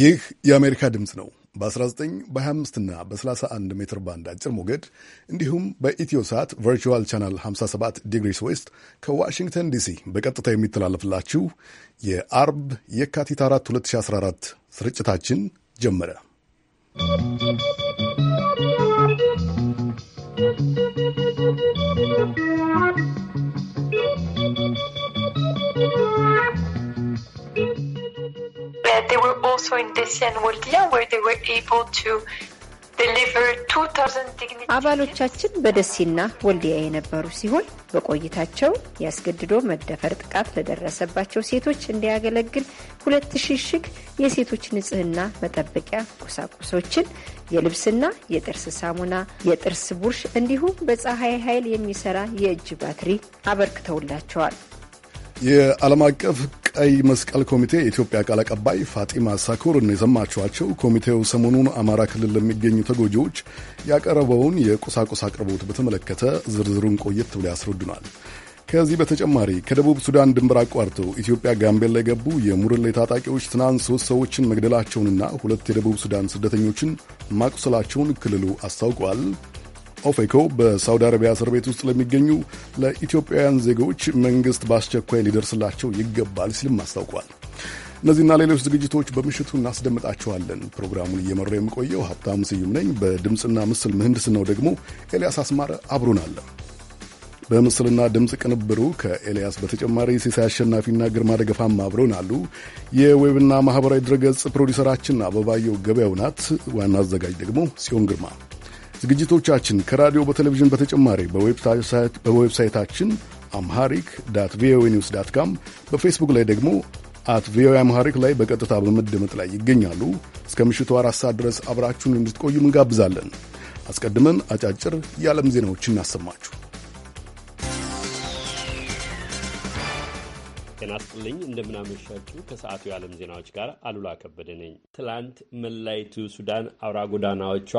ይህ የአሜሪካ ድምፅ ነው። በ19 በ25ና በ31 ሜትር ባንድ አጭር ሞገድ እንዲሁም በኢትዮ ሰዓት ቨርቹዋል ቻናል 57 ዲግሪስ ዌስት ከዋሽንግተን ዲሲ በቀጥታ የሚተላለፍላችሁ የአርብ የካቲት 4 2014 ስርጭታችን ጀመረ። they were also in Desi and Woldia where they were able to አባሎቻችን በደሴና ወልዲያ የነበሩ ሲሆን በቆይታቸው ያስገድዶ መደፈር ጥቃት ለደረሰባቸው ሴቶች እንዲያገለግል ሁለት ሺህ ሽግ የሴቶች ንጽህና መጠበቂያ ቁሳቁሶችን፣ የልብስና የጥርስ ሳሙና፣ የጥርስ ቡርሽ እንዲሁም በፀሐይ ኃይል የሚሰራ የእጅ ባትሪ አበርክተውላቸዋል። የዓለም አቀፍ ቀይ መስቀል ኮሚቴ የኢትዮጵያ ቃል አቀባይ ፋጢማ ሳኮርን የሰማችኋቸው። ኮሚቴው ሰሞኑን አማራ ክልል ለሚገኙ ተጎጂዎች ያቀረበውን የቁሳቁስ አቅርቦት በተመለከተ ዝርዝሩን ቆየት ብሎ ያስረዱናል። ከዚህ በተጨማሪ ከደቡብ ሱዳን ድንበር አቋርተው ኢትዮጵያ ጋምቤላ የገቡ የሙርሌ ታጣቂዎች ትናንት ሶስት ሰዎችን መግደላቸውንና ሁለት የደቡብ ሱዳን ስደተኞችን ማቁሰላቸውን ክልሉ አስታውቋል። ኦፌኮ በሳውዲ አረቢያ እስር ቤት ውስጥ ለሚገኙ ለኢትዮጵያውያን ዜጎች መንግስት በአስቸኳይ ሊደርስላቸው ይገባል ሲልም አስታውቋል። እነዚህና ሌሎች ዝግጅቶች በምሽቱ እናስደምጣችኋለን። ፕሮግራሙን እየመራው የምቆየው ሀብታም ስዩም ነኝ። በድምፅና ምስል ምህንድስናው ደግሞ ኤልያስ አስማረ አብሮናል። በምስልና ድምፅ ቅንብሩ ከኤልያስ በተጨማሪ ሲሳይ አሸናፊና ግርማ ደገፋም አብረውን አሉ። የዌብና ማኅበራዊ ድረገጽ ፕሮዲሰራችን አበባየው ገበያው ናት። ዋና አዘጋጅ ደግሞ ሲዮን ግርማ ዝግጅቶቻችን ከራዲዮ በቴሌቪዥን በተጨማሪ በዌብሳይታችን አምሃሪክ ዳት ቪኦኤ ኒውስ ዳት ካም በፌስቡክ ላይ ደግሞ አት ቪኦኤ አምሃሪክ ላይ በቀጥታ በመደመጥ ላይ ይገኛሉ። እስከ ምሽቱ አራት ሰዓት ድረስ አብራችሁን እንድትቆዩ እንጋብዛለን። አስቀድመን አጫጭር የዓለም ዜናዎችን እናሰማችሁ። ጤና ስጥልኝ እንደምናመሻችሁ። ከሰዓቱ የዓለም ዜናዎች ጋር አሉላ ከበደ ነኝ። ትላንት መላይቱ ሱዳን አውራ ጎዳናዎቿ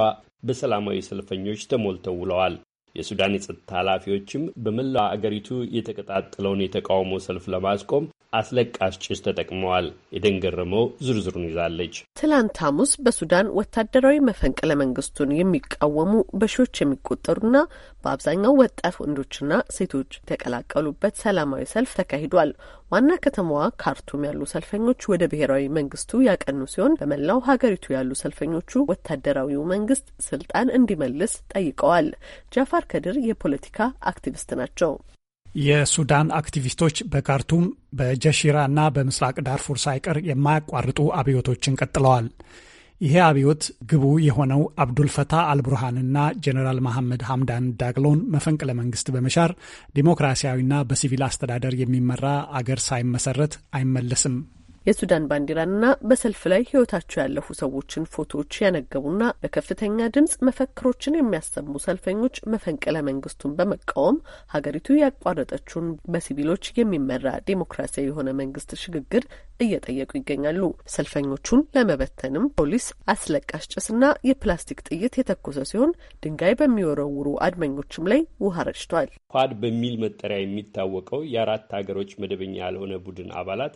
በሰላማዊ ሰልፈኞች ተሞልተው ውለዋል። የሱዳን የጸጥታ ኃላፊዎችም በመላው አገሪቱ የተቀጣጠለውን የተቃውሞ ሰልፍ ለማስቆም አስለቃሽ ጭስ ተጠቅመዋል። የደንገረመው ዝርዝሩን ይዛለች። ትላንት ሐሙስ በሱዳን ወታደራዊ መፈንቅለ መንግስቱን የሚቃወሙ በሺዎች የሚቆጠሩና በአብዛኛው ወጣት ወንዶችና ሴቶች የተቀላቀሉበት ሰላማዊ ሰልፍ ተካሂዷል። ዋና ከተማዋ ካርቱም ያሉ ሰልፈኞች ወደ ብሔራዊ መንግስቱ ያቀኑ ሲሆን በመላው ሀገሪቱ ያሉ ሰልፈኞቹ ወታደራዊው መንግስት ስልጣን እንዲመልስ ጠይቀዋል። ጃፋር ከድር የፖለቲካ አክቲቪስት ናቸው። የሱዳን አክቲቪስቶች በካርቱም በጀሺራ እና በምስራቅ ዳርፉር ሳይቀር የማያቋርጡ አብዮቶችን ቀጥለዋል። ይሄ አብዮት ግቡ የሆነው አብዱልፈታህ አልቡርሃንና ጀኔራል መሐመድ ሐምዳን ዳግሎን መፈንቅለ መንግስት በመሻር ዲሞክራሲያዊና በሲቪል አስተዳደር የሚመራ አገር ሳይመሰረት አይመለስም የሱዳን ባንዲራንና በሰልፍ ላይ ህይወታቸው ያለፉ ሰዎችን ፎቶዎች ያነገቡና በከፍተኛ ድምጽ መፈክሮችን የሚያሰሙ ሰልፈኞች መፈንቅለ መንግስቱን በመቃወም ሀገሪቱ ያቋረጠችውን በሲቪሎች የሚመራ ዴሞክራሲያዊ የሆነ መንግስት ሽግግር እየጠየቁ ይገኛሉ። ሰልፈኞቹን ለመበተንም ፖሊስ አስለቃሽ ጭስና የፕላስቲክ ጥይት የተኮሰ ሲሆን ድንጋይ በሚወረውሩ አድመኞችም ላይ ውሃ ረጭቷል። ኳድ በሚል መጠሪያ የሚታወቀው የአራት ሀገሮች መደበኛ ያልሆነ ቡድን አባላት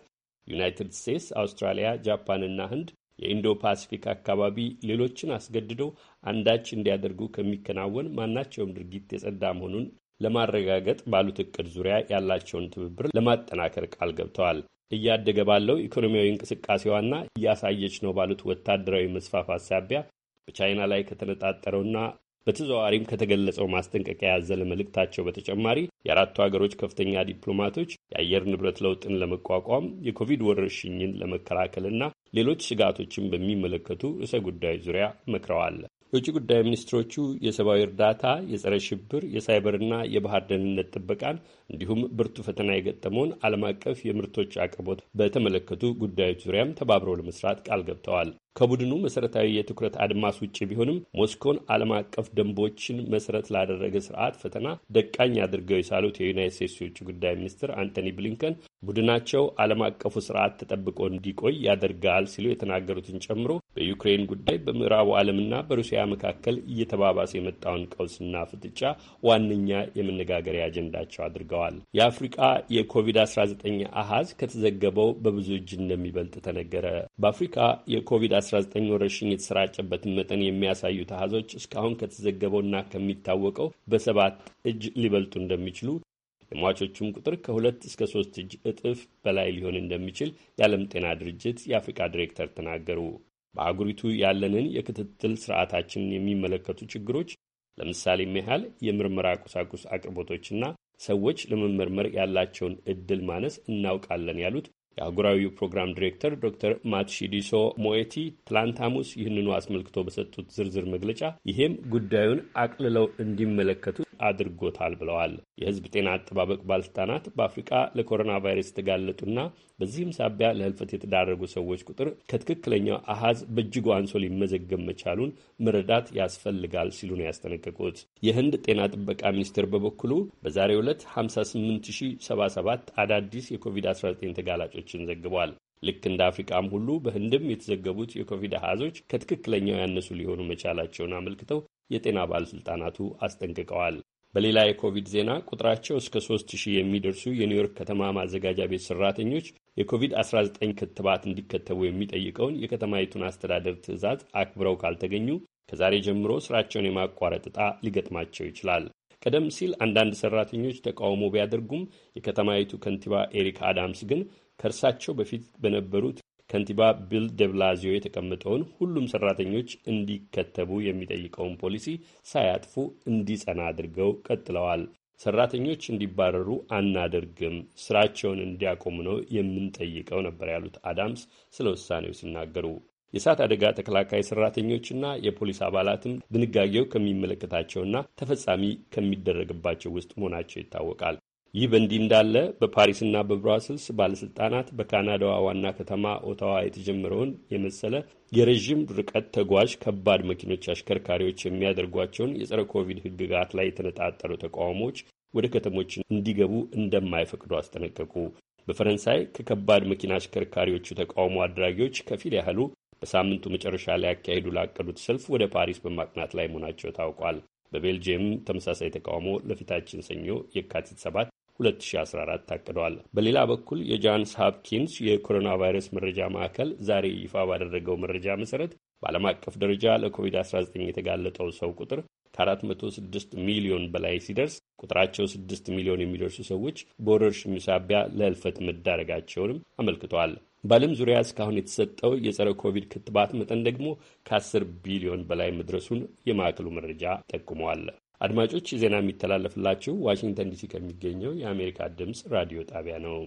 ዩናይትድ ስቴትስ፣ አውስትራሊያ፣ ጃፓንና ህንድ የኢንዶ ፓሲፊክ አካባቢ ሌሎችን አስገድዶ አንዳች እንዲያደርጉ ከሚከናወን ማናቸውም ድርጊት የጸዳ መሆኑን ለማረጋገጥ ባሉት እቅድ ዙሪያ ያላቸውን ትብብር ለማጠናከር ቃል ገብተዋል። እያደገ ባለው ኢኮኖሚያዊ እንቅስቃሴዋና እያሳየች ነው ባሉት ወታደራዊ መስፋፋት ሳቢያ በቻይና ላይ ከተነጣጠረውና በተዘዋዋሪም ከተገለጸው ማስጠንቀቂያ ያዘለ መልእክታቸው በተጨማሪ የአራቱ ሀገሮች ከፍተኛ ዲፕሎማቶች የአየር ንብረት ለውጥን ለመቋቋም የኮቪድ ወረርሽኝን ለመከላከልና ሌሎች ስጋቶችን በሚመለከቱ ርዕሰ ጉዳዮች ዙሪያ መክረዋል። የውጭ ጉዳይ ሚኒስትሮቹ የሰብአዊ እርዳታ፣ የጸረ ሽብር፣ የሳይበርና የባህር ደህንነት ጥበቃን እንዲሁም ብርቱ ፈተና የገጠመውን ዓለም አቀፍ የምርቶች አቅርቦት በተመለከቱ ጉዳዮች ዙሪያም ተባብረው ለመስራት ቃል ገብተዋል። ከቡድኑ መሠረታዊ የትኩረት አድማስ ውጭ ቢሆንም ሞስኮን ዓለም አቀፍ ደንቦችን መሠረት ላደረገ ስርዓት ፈተና ደቃኝ አድርገው የሳሉት የዩናይት ስቴትስ የውጭ ጉዳይ ሚኒስትር አንቶኒ ብሊንከን ቡድናቸው ዓለም አቀፉ ስርዓት ተጠብቆ እንዲቆይ ያደርጋል ሲሉ የተናገሩትን ጨምሮ በዩክሬን ጉዳይ በምዕራቡ ዓለምና በሩሲያ መካከል እየተባባሰ የመጣውን ቀውስና ፍጥጫ ዋነኛ የመነጋገሪያ አጀንዳቸው አድርገዋል። የአፍሪቃ የኮቪድ-19 አሃዝ ከተዘገበው በብዙ እጅ እንደሚበልጥ ተነገረ። በአፍሪካ የኮቪድ የኮቪድ-19 ወረርሽኝ የተሰራጨበትን መጠን የሚያሳዩ አሃዞች እስካሁን ከተዘገበውና ከሚታወቀው በሰባት እጅ ሊበልጡ እንደሚችሉ የሟቾቹም ቁጥር ከሁለት እስከ ሶስት እጅ እጥፍ በላይ ሊሆን እንደሚችል የዓለም ጤና ድርጅት የአፍሪካ ዲሬክተር ተናገሩ። በአህጉሪቱ ያለንን የክትትል ስርዓታችንን የሚመለከቱ ችግሮች ለምሳሌ ያህል የምርመራ ቁሳቁስ አቅርቦቶችና ሰዎች ለመመርመር ያላቸውን እድል ማነስ እናውቃለን ያሉት የአህጉራዊው ፕሮግራም ዲሬክተር ዶክተር ማትሺዲሶ ሞኤቲ ትላንት ሐሙስ ይህንኑ አስመልክቶ በሰጡት ዝርዝር መግለጫ ይሄም ጉዳዩን አቅልለው እንዲመለከቱ አድርጎታል ብለዋል። የህዝብ ጤና አጠባበቅ ባለስልጣናት በአፍሪቃ ለኮሮና ቫይረስ የተጋለጡና በዚህም ሳቢያ ለህልፈት የተዳረጉ ሰዎች ቁጥር ከትክክለኛው አሃዝ በእጅጉ አንሶ ሊመዘገብ መቻሉን መረዳት ያስፈልጋል ሲሉ ነው ያስጠነቀቁት። የህንድ ጤና ጥበቃ ሚኒስቴር በበኩሉ በዛሬው ዕለት 58077 አዳዲስ የኮቪድ-19 ተጋላጮችን ዘግቧል። ልክ እንደ አፍሪቃም ሁሉ በህንድም የተዘገቡት የኮቪድ አሃዞች ከትክክለኛው ያነሱ ሊሆኑ መቻላቸውን አመልክተው የጤና ባለሥልጣናቱ አስጠንቅቀዋል። በሌላ የኮቪድ ዜና ቁጥራቸው እስከ 3 ሺህ የሚደርሱ የኒውዮርክ ከተማ ማዘጋጃ ቤት ሠራተኞች የኮቪድ-19 ክትባት እንዲከተቡ የሚጠይቀውን የከተማይቱን አስተዳደር ትዕዛዝ አክብረው ካልተገኙ ከዛሬ ጀምሮ ስራቸውን የማቋረጥ ዕጣ ሊገጥማቸው ይችላል። ቀደም ሲል አንዳንድ ሠራተኞች ተቃውሞ ቢያደርጉም የከተማይቱ ከንቲባ ኤሪክ አዳምስ ግን ከእርሳቸው በፊት በነበሩት ከንቲባ ቢል ደብላዚዮ የተቀመጠውን ሁሉም ሰራተኞች እንዲከተቡ የሚጠይቀውን ፖሊሲ ሳያጥፉ እንዲጸና አድርገው ቀጥለዋል። ሰራተኞች እንዲባረሩ አናደርግም፣ ስራቸውን እንዲያቆሙ ነው የምንጠይቀው ነበር ያሉት አዳምስ ስለ ውሳኔው ሲናገሩ የእሳት አደጋ ተከላካይ ሰራተኞችና የፖሊስ አባላትም ድንጋጌው ከሚመለከታቸውና ተፈጻሚ ከሚደረግባቸው ውስጥ መሆናቸው ይታወቃል። ይህ በእንዲህ እንዳለ በፓሪስና በብራስልስ ባለሥልጣናት በካናዳዋ ዋና ከተማ ኦታዋ የተጀመረውን የመሰለ የረዥም ርቀት ተጓዥ ከባድ መኪኖች አሽከርካሪዎች የሚያደርጓቸውን የጸረ ኮቪድ ሕግጋት ላይ የተነጣጠሩ ተቃውሞዎች ወደ ከተሞች እንዲገቡ እንደማይፈቅዱ አስጠነቀቁ። በፈረንሳይ ከከባድ መኪና አሽከርካሪዎቹ ተቃውሞ አድራጊዎች ከፊል ያህሉ በሳምንቱ መጨረሻ ላይ ያካሄዱ ላቀዱት ሰልፍ ወደ ፓሪስ በማቅናት ላይ መሆናቸው ታውቋል። በቤልጅየም ተመሳሳይ ተቃውሞ ለፊታችን ሰኞ የካቲት ሰባት 2014 ታቅደዋል። በሌላ በኩል የጃንስ ሀፕኪንስ የኮሮና ቫይረስ መረጃ ማዕከል ዛሬ ይፋ ባደረገው መረጃ መሰረት በዓለም አቀፍ ደረጃ ለኮቪድ-19 የተጋለጠው ሰው ቁጥር ከ406 ሚሊዮን በላይ ሲደርስ ቁጥራቸው 6 ሚሊዮን የሚደርሱ ሰዎች በወረርሽኙ ሳቢያ ለህልፈት መዳረጋቸውንም አመልክቷል። በዓለም ዙሪያ እስካሁን የተሰጠው የጸረ ኮቪድ ክትባት መጠን ደግሞ ከ10 ቢሊዮን በላይ መድረሱን የማዕከሉ መረጃ ጠቁመዋል። አድማጮች ዜና የሚተላለፍላችሁ ዋሽንግተን ዲሲ ከሚገኘው የአሜሪካ ድምፅ ራዲዮ ጣቢያ ነው።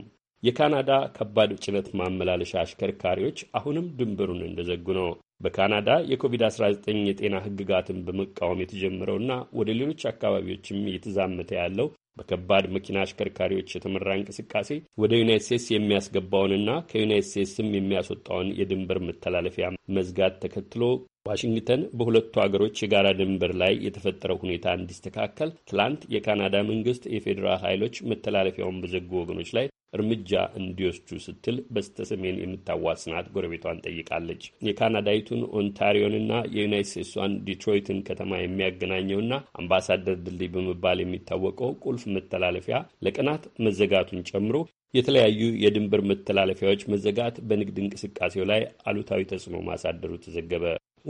የካናዳ ከባድ ጭነት ማመላለሻ አሽከርካሪዎች አሁንም ድንበሩን እንደዘጉ ነው። በካናዳ የኮቪድ-19 የጤና ሕግጋትን በመቃወም የተጀመረውና ወደ ሌሎች አካባቢዎችም እየተዛመተ ያለው በከባድ መኪና አሽከርካሪዎች የተመራ እንቅስቃሴ ወደ ዩናይት ስቴትስ የሚያስገባውንና ከዩናይት ስቴትስም የሚያስወጣውን የድንበር መተላለፊያ መዝጋት ተከትሎ ዋሽንግተን በሁለቱ አገሮች የጋራ ድንበር ላይ የተፈጠረው ሁኔታ እንዲስተካከል ትላንት የካናዳ መንግስት የፌዴራል ኃይሎች መተላለፊያውን በዘጉ ወገኖች ላይ እርምጃ እንዲወስዱ ስትል በስተ ሰሜን የምታዋስናት ጎረቤቷን ጠይቃለች። የካናዳዊቱን ኦንታሪዮንና የዩናይት ስቴትሷን ዲትሮይትን ከተማ የሚያገናኘውና አምባሳደር ድልድይ በመባል የሚታወቀው ቁልፍ መተላለፊያ ለቀናት መዘጋቱን ጨምሮ የተለያዩ የድንበር መተላለፊያዎች መዘጋት በንግድ እንቅስቃሴው ላይ አሉታዊ ተጽዕኖ ማሳደሩ ተዘገበ።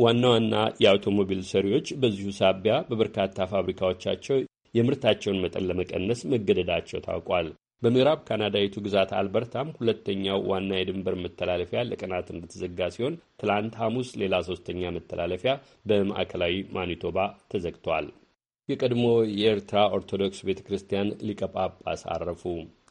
ዋና ዋና የአውቶሞቢል ሰሪዎች በዚሁ ሳቢያ በበርካታ ፋብሪካዎቻቸው የምርታቸውን መጠን ለመቀነስ መገደዳቸው ታውቋል። በምዕራብ ካናዳዊቱ ግዛት አልበርታም ሁለተኛው ዋና የድንበር መተላለፊያ ለቀናት እንደተዘጋ ሲሆን ትላንት ሐሙስ ሌላ ሶስተኛ መተላለፊያ በማዕከላዊ ማኒቶባ ተዘግቷል። የቀድሞ የኤርትራ ኦርቶዶክስ ቤተ ክርስቲያን ሊቀ ጳጳስ አረፉ።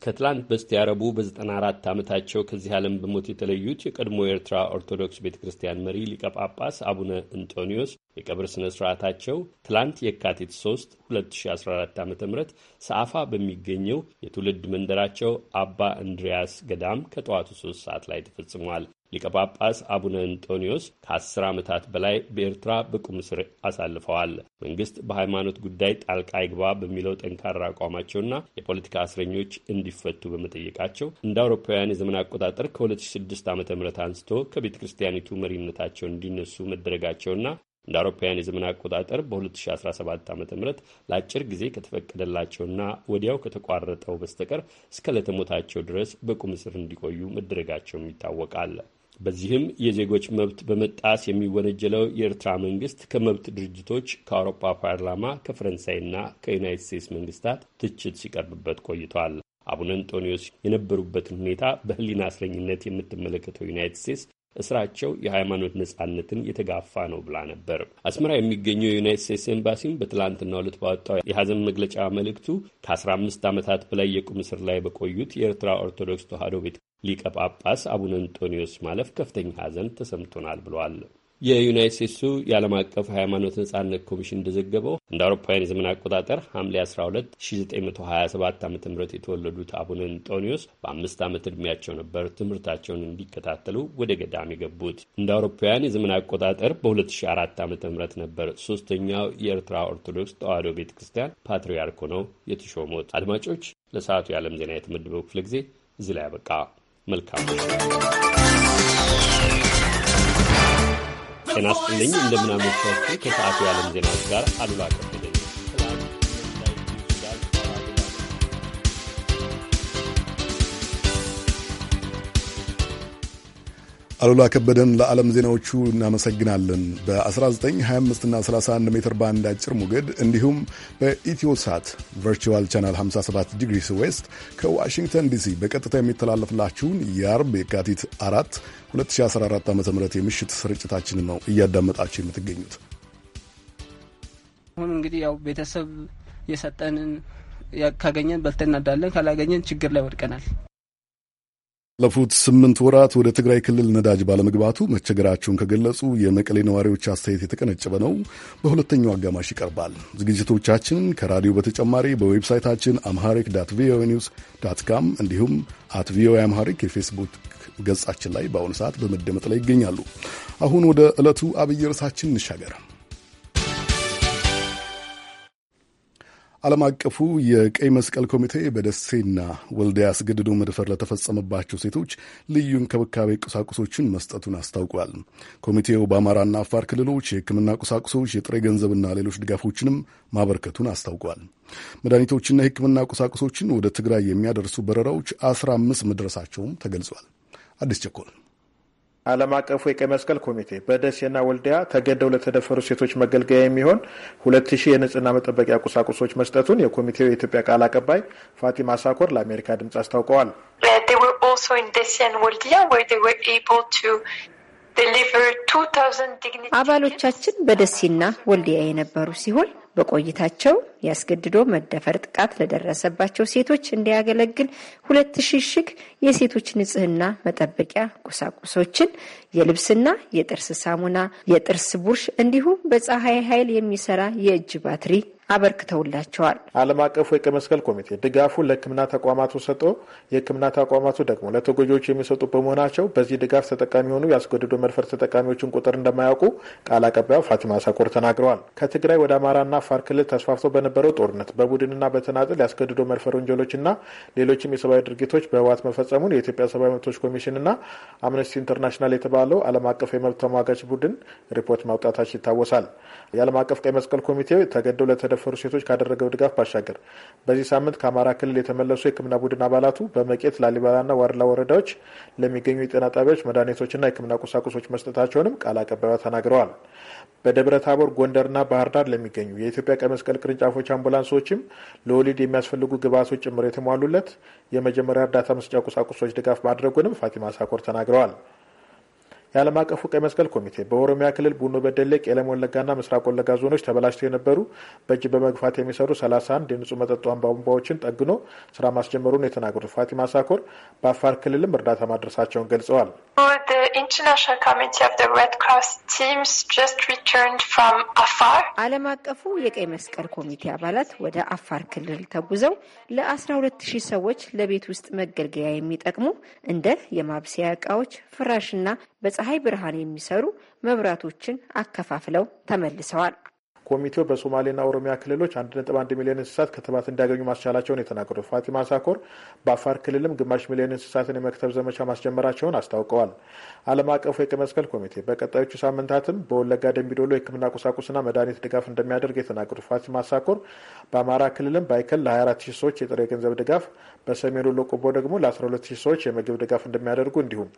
ከትላንት በስቲያ ረቡዕ በ94 ዓመታቸው ከዚህ ዓለም በሞት የተለዩት የቀድሞ የኤርትራ ኦርቶዶክስ ቤተ ክርስቲያን መሪ ሊቀ ጳጳስ አቡነ እንጦኒዮስ የቀብር ሥነ ሥርዓታቸው ትላንት የካቲት 3 2014 ዓ ም ሰአፋ በሚገኘው የትውልድ መንደራቸው አባ እንድሪያስ ገዳም ከጠዋቱ 3 ሰዓት ላይ ተፈጽሟል። ሊቀ ጳጳስ አቡነ አንጦኒዮስ ከአስር ዓመታት በላይ በኤርትራ በቁም ስር አሳልፈዋል። መንግስት በሃይማኖት ጉዳይ ጣልቃ ይግባ በሚለው ጠንካራ አቋማቸውና የፖለቲካ እስረኞች እንዲፈቱ በመጠየቃቸው እንደ አውሮፓውያን የዘመን አቆጣጠር ከ2006 ዓ ም አንስቶ ከቤተ ክርስቲያኒቱ መሪነታቸው እንዲነሱ መደረጋቸውና እንደ አውሮፓውያን የዘመን አቆጣጠር በ2017 ዓ ም ለአጭር ጊዜ ከተፈቀደላቸውና ወዲያው ከተቋረጠው በስተቀር እስከ ለተሞታቸው ድረስ በቁም እንዲቆዩ መደረጋቸውም ይታወቃል። በዚህም የዜጎች መብት በመጣስ የሚወነጀለው የኤርትራ መንግስት ከመብት ድርጅቶች ከአውሮፓ ፓርላማ ከፈረንሳይና ከዩናይት ስቴትስ መንግስታት ትችት ሲቀርብበት ቆይቷል። አቡነ አንጦኒዎስ የነበሩበትን ሁኔታ በህሊና እስረኝነት የምትመለከተው ዩናይት ስቴትስ እስራቸው የሃይማኖት ነጻነትን የተጋፋ ነው ብላ ነበር። አስመራ የሚገኘው የዩናይት ስቴትስ ኤምባሲም በትላንትናው ዕለት ባወጣው የሐዘን መግለጫ መልእክቱ ከ15 ዓመታት በላይ የቁም እስር ላይ በቆዩት የኤርትራ ኦርቶዶክስ ተዋሕዶ ቤተ ሊቀ ጳጳስ አቡነ አንጦኒዎስ ማለፍ ከፍተኛ ሐዘን ተሰምቶናል ብለዋል። የዩናይት ስቴትሱ የዓለም አቀፍ ሃይማኖት ነጻነት ኮሚሽን እንደዘገበው እንደ አውሮፓውያን የዘመን አቆጣጠር ሐምሌ 12 1927 ዓ ም የተወለዱት አቡነ አንጦኒዎስ በአምስት ዓመት ዕድሜያቸው ነበር ትምህርታቸውን እንዲከታተሉ ወደ ገዳም የገቡት። እንደ አውሮፓውያን የዘመን አቆጣጠር በ2004 ዓ ም ነበር ሦስተኛው የኤርትራ ኦርቶዶክስ ተዋሕዶ ቤተ ክርስቲያን ፓትርያርክ ሆነው የተሾሙት። አድማጮች፣ ለሰዓቱ የዓለም ዜና የተመደበው ክፍለ ጊዜ እዚህ ላይ አበቃ። መልካም ጤና ስጥልኝ። እንደምናመቻችሁ ከሰዓቱ የዓለም ዜናዎች ጋር አሉላ አሉላ ከበደን ለዓለም ዜናዎቹ እናመሰግናለን። በ1925 እና 31 ሜትር ባንድ አጭር ሞገድ እንዲሁም ሳት ቨርቹዋል ቻናል 57 ዲግሪስ ዌስት ከዋሽንግተን ዲሲ በቀጥታ የሚተላለፍላችሁን የአርብ የካቲት አራት 2014 ዓ ም የምሽት ስርጭታችን ነው እያዳመጣችሁ የምትገኙት። አሁን እንግዲህ ያው ቤተሰብ የሰጠንን ካገኘን በልተን እናዳለን፣ ካላገኘን ችግር ላይ ወድቀናል። ባለፉት ስምንት ወራት ወደ ትግራይ ክልል ነዳጅ ባለመግባቱ መቸገራቸውን ከገለጹ የመቀሌ ነዋሪዎች አስተያየት የተቀነጨበ ነው። በሁለተኛው አጋማሽ ይቀርባል። ዝግጅቶቻችን ከራዲዮ በተጨማሪ በዌብሳይታችን አምሃሪክ ዳት ቪኦኤ ኒውስ ዳት ካም እንዲሁም አት ቪኦኤ አምሃሪክ የፌስቡክ ገጻችን ላይ በአሁኑ ሰዓት በመደመጥ ላይ ይገኛሉ። አሁን ወደ ዕለቱ አብይ ርዕሳችን እንሻገር። ዓለም አቀፉ የቀይ መስቀል ኮሚቴ በደሴና ወልዲያ አስገድዶ መድፈር ለተፈጸመባቸው ሴቶች ልዩ እንክብካቤ ቁሳቁሶችን መስጠቱን አስታውቋል። ኮሚቴው በአማራና አፋር ክልሎች የሕክምና ቁሳቁሶች፣ የጥሬ ገንዘብና ሌሎች ድጋፎችንም ማበርከቱን አስታውቋል። መድኃኒቶችና የሕክምና ቁሳቁሶችን ወደ ትግራይ የሚያደርሱ በረራዎች አስራ አምስት መድረሳቸውም ተገልጿል። አዲስ ቸኮል ዓለም አቀፉ የቀይ መስቀል ኮሚቴ በደሴና ወልዲያ ተገደው ለተደፈሩ ሴቶች መገልገያ የሚሆን ሁለት ሺህ የንጽህና መጠበቂያ ቁሳቁሶች መስጠቱን የኮሚቴው የኢትዮጵያ ቃል አቀባይ ፋቲማ ሳኮር ለአሜሪካ ድምጽ አስታውቀዋል። አባሎቻችን በደሴና ወልዲያ የነበሩ ሲሆን በቆይታቸው ያስገድዶ መደፈር ጥቃት ለደረሰባቸው ሴቶች እንዲያገለግል ሁለት ሺህ የሴቶች ንጽህና መጠበቂያ ቁሳቁሶችን፣ የልብስና የጥርስ ሳሙና፣ የጥርስ ቡርሽ እንዲሁም በፀሐይ ኃይል የሚሰራ የእጅ ባትሪ አበርክተውላቸዋል። ዓለም አቀፉ የቀይ መስቀል ኮሚቴ ድጋፉ ለሕክምና ተቋማቱ ሰጥቶ የሕክምና ተቋማቱ ደግሞ ለተጎጂዎቹ የሚሰጡ በመሆናቸው በዚህ ድጋፍ ተጠቃሚ የሆኑ የአስገድዶ መድፈር ተጠቃሚዎችን ቁጥር እንደማያውቁ ቃል አቀባዩ ፋቲማ ሳኮር ተናግረዋል። ከትግራይ ወደ አማራና አፋር ክልል ተስፋፍቶ በነበረው ጦርነት በቡድንና በተናጥል የአስገድዶ መድፈር ወንጀሎችና ሌሎችም የሰብአዊ ድርጊቶች በህወሓት መፈጸሙን የኢትዮጵያ ሰብአዊ መብቶች ኮሚሽንና አምነስቲ ኢንተርናሽናል የተባለው ዓለም አቀፍ የመብት ተሟጋች ቡድን ሪፖርት ማውጣታቸው ይታወሳል። የዓለም አቀፍ ቀይ መስቀል ኮሚቴ ተገደው ለተደ ለተደፈሩ ሴቶች ካደረገው ድጋፍ ባሻገር በዚህ ሳምንት ከአማራ ክልል የተመለሱ የሕክምና ቡድን አባላቱ በመቄት ላሊበላና ዋድላ ወረዳዎች ለሚገኙ የጤና ጣቢያዎች መድኃኒቶችና የሕክምና ቁሳቁሶች መስጠታቸውንም ቃል አቀባዩ ተናግረዋል። በደብረ ታቦር፣ ጎንደርና ባህር ዳር ለሚገኙ የኢትዮጵያ ቀይ መስቀል ቅርንጫፎች አምቡላንሶችም ለወሊድ የሚያስፈልጉ ግብዓቶች ጭምር የተሟሉለት የመጀመሪያ እርዳታ መስጫ ቁሳቁሶች ድጋፍ ማድረጉንም ፋቲማ ሳኮር ተናግረዋል። የዓለም አቀፉ ቀይ መስቀል ኮሚቴ በኦሮሚያ ክልል ቡኖ በደሌ፣ ቄለም ወለጋና ምስራቅ ወለጋ ዞኖች ተበላሽተው የነበሩ በእጅ በመግፋት የሚሰሩ 31 የንጹህ መጠጥ ቧንቧዎችን ጠግኖ ስራ ማስጀመሩን የተናገሩት ፋቲማ ሳኮር በአፋር ክልልም እርዳታ ማድረሳቸውን ገልጸዋል። ዓለም አቀፉ የቀይ መስቀል ኮሚቴ አባላት ወደ አፋር ክልል ተጉዘው ለ12000 ሰዎች ለቤት ውስጥ መገልገያ የሚጠቅሙ እንደ የማብሰያ እቃዎች፣ ፍራሽና በፀሐይ ብርሃን የሚሰሩ መብራቶችን አከፋፍለው ተመልሰዋል። ኮሚቴው በሶማሌና ኦሮሚያ ክልሎች 1.1 ሚሊዮን እንስሳት ክትባት እንዲያገኙ ማስቻላቸውን የተናገሩት ፋቲማ ሳኮር በአፋር ክልልም ግማሽ ሚሊዮን እንስሳትን የመክተብ ዘመቻ ማስጀመራቸውን አስታውቀዋል። ዓለም አቀፉ የቀይ መስቀል ኮሚቴ በቀጣዮቹ ሳምንታትም በወለጋ ደንቢዶሎ የሕክምና ቁሳቁስና መድኃኒት ድጋፍ እንደሚያደርግ የተናገሩት ፋቲማ ሳኮር በአማራ ክልልም በአይከል ለ24 ሺህ ሰዎች የጥሬ የገንዘብ ድጋፍ፣ በሰሜን ወሎ ቆቦ ደግሞ ለ12 ሺህ ሰዎች የምግብ ድጋፍ እንደሚያደርጉ እንዲሁም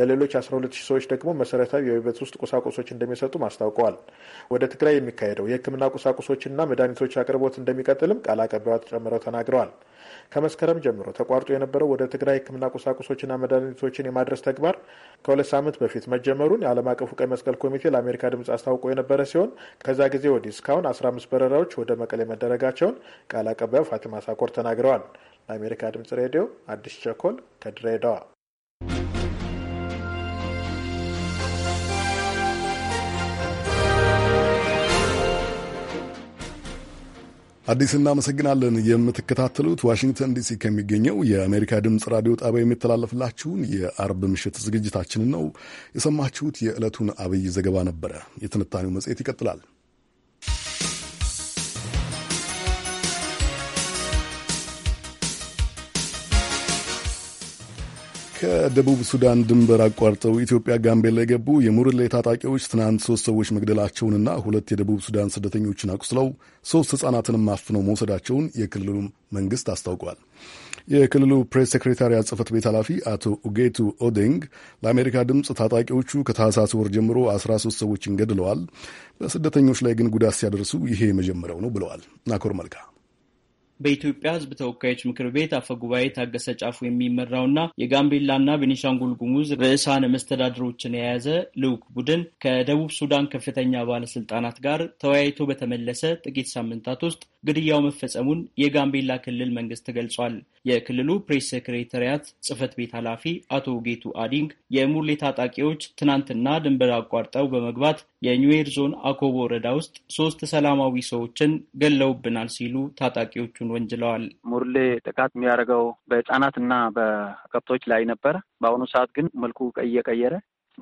ለሌሎች 12 ሺህ ሰዎች ደግሞ መሰረታዊ የቤት ውስጥ ቁሳቁሶች እንደሚሰጡም አስታውቀዋል። ወደ ትግራይ የሚካሄደው የሕክምና ቁሳቁሶችና መድኃኒቶች አቅርቦት እንደሚቀጥልም ቃል አቀባይዋ ተጨምረው ተናግረዋል። ከመስከረም ጀምሮ ተቋርጦ የነበረው ወደ ትግራይ ሕክምና ቁሳቁሶችና መድኃኒቶችን የማድረስ ተግባር ከሁለት ሳምንት በፊት መጀመሩን የዓለም አቀፉ ቀይ መስቀል ኮሚቴ ለአሜሪካ ድምፅ አስታውቆ የነበረ ሲሆን ከዛ ጊዜ ወዲህ እስካሁን 15 በረራዎች ወደ መቀሌ መደረጋቸውን ቃል አቀባዩ ፋቲማ ሳኮር ተናግረዋል። ለአሜሪካ ድምጽ ሬዲዮ አዲስ ቸኮል ከድሬዳዋ አዲስ እናመሰግናለን። የምትከታተሉት ዋሽንግተን ዲሲ ከሚገኘው የአሜሪካ ድምፅ ራዲዮ ጣቢያ የሚተላለፍላችሁን የአርብ ምሽት ዝግጅታችንን ነው የሰማችሁት። የዕለቱን አብይ ዘገባ ነበረ። የትንታኔው መጽሔት ይቀጥላል። ከደቡብ ሱዳን ድንበር አቋርጠው ኢትዮጵያ ጋምቤላ የገቡ የሙርሌ ታጣቂዎች ትናንት ሶስት ሰዎች መግደላቸውንና ሁለት የደቡብ ሱዳን ስደተኞችን አቁስለው ሶስት ሕጻናትንም አፍነው መውሰዳቸውን የክልሉ መንግስት አስታውቋል። የክልሉ ፕሬስ ሴክሬታሪያት ጽህፈት ቤት ኃላፊ አቶ ኡጌቱ ኦዴንግ ለአሜሪካ ድምፅ ታጣቂዎቹ ከታህሳስ ወር ጀምሮ 13 ሰዎችን ገድለዋል፣ በስደተኞች ላይ ግን ጉዳት ሲያደርሱ ይሄ የመጀመሪያው ነው ብለዋል። ናኮር መልካ በኢትዮጵያ ሕዝብ ተወካዮች ምክር ቤት አፈ ጉባኤ ታገሰ ጫፉ የሚመራውና የጋምቤላና ቤኒሻንጉል ጉሙዝ ርዕሳነ መስተዳድሮችን የያዘ ልዑክ ቡድን ከደቡብ ሱዳን ከፍተኛ ባለስልጣናት ጋር ተወያይቶ በተመለሰ ጥቂት ሳምንታት ውስጥ ግድያው መፈጸሙን የጋምቤላ ክልል መንግስት ገልጿል። የክልሉ ፕሬስ ሴክሬታሪያት ጽህፈት ቤት ኃላፊ አቶ ጌቱ አዲንግ የሙርሌ ታጣቂዎች ትናንትና ድንበር አቋርጠው በመግባት የኒዌር ዞን አኮቦ ወረዳ ውስጥ ሶስት ሰላማዊ ሰዎችን ገለውብናል ሲሉ ታጣቂዎቹ ጥቃቱን ወንጅለዋል። ሙርሌ ጥቃት የሚያደርገው በህጻናት እና በከብቶች ላይ ነበረ። በአሁኑ ሰዓት ግን መልኩ እየቀየረ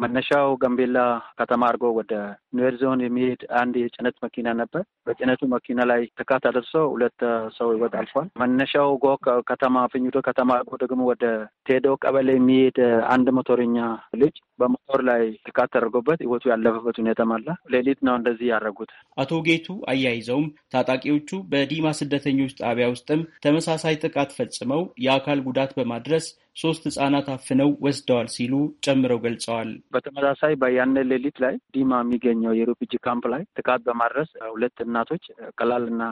መነሻው ጋምቤላ ከተማ አድርጎ ወደ ኒዌር ዞን የሚሄድ አንድ የጭነት መኪና ነበር። በጭነቱ መኪና ላይ ጥቃት አደርሶ ሁለት ሰው ህይወት አልፏል። መነሻው ጎክ ከተማ ፍኝዶ ከተማ አድርጎ ደግሞ ወደ ቴዶ ቀበሌ የሚሄድ አንድ ሞቶረኛ ልጅ በሞቶር ላይ ጥቃት ተደርጎበት ህይወቱ ያለፈበት ሁኔታ አለ። ሌሊት ነው እንደዚህ ያደረጉት። አቶ ጌቱ አያይዘውም ታጣቂዎቹ በዲማ ስደተኞች ጣቢያ ውስጥም ተመሳሳይ ጥቃት ፈጽመው የአካል ጉዳት በማድረስ ሶስት ህጻናት አፍነው ወስደዋል ሲሉ ጨምረው ገልጸዋል። በተመሳሳይ በያነ ሌሊት ላይ ዲማ የሚገኘው የሪፊጂ ካምፕ ላይ ጥቃት በማድረስ ሁለት እናቶች ቀላልና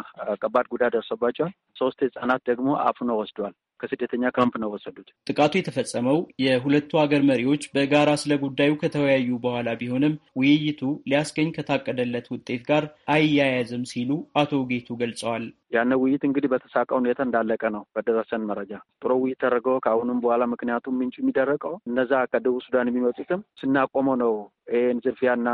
ከባድ ጉዳት ደርሶባቸዋል። ሶስት ህጻናት ደግሞ አፍኖ ወስደዋል። ከስደተኛ ካምፕ ነው ወሰዱት። ጥቃቱ የተፈጸመው የሁለቱ ሀገር መሪዎች በጋራ ስለ ጉዳዩ ከተወያዩ በኋላ ቢሆንም ውይይቱ ሊያስገኝ ከታቀደለት ውጤት ጋር አያያዝም ሲሉ አቶ ጌቱ ገልጸዋል። ያን ውይይት እንግዲህ በተሳቀ ሁኔታ እንዳለቀ ነው በደረሰን መረጃ። ጥሩ ውይይት ተደርገው ከአሁንም በኋላ ምክንያቱም ምንጩ የሚደረቀው እነዛ ከደቡብ ሱዳን የሚመጡትም ስናቆመው ነው ይህን ዝርፊያና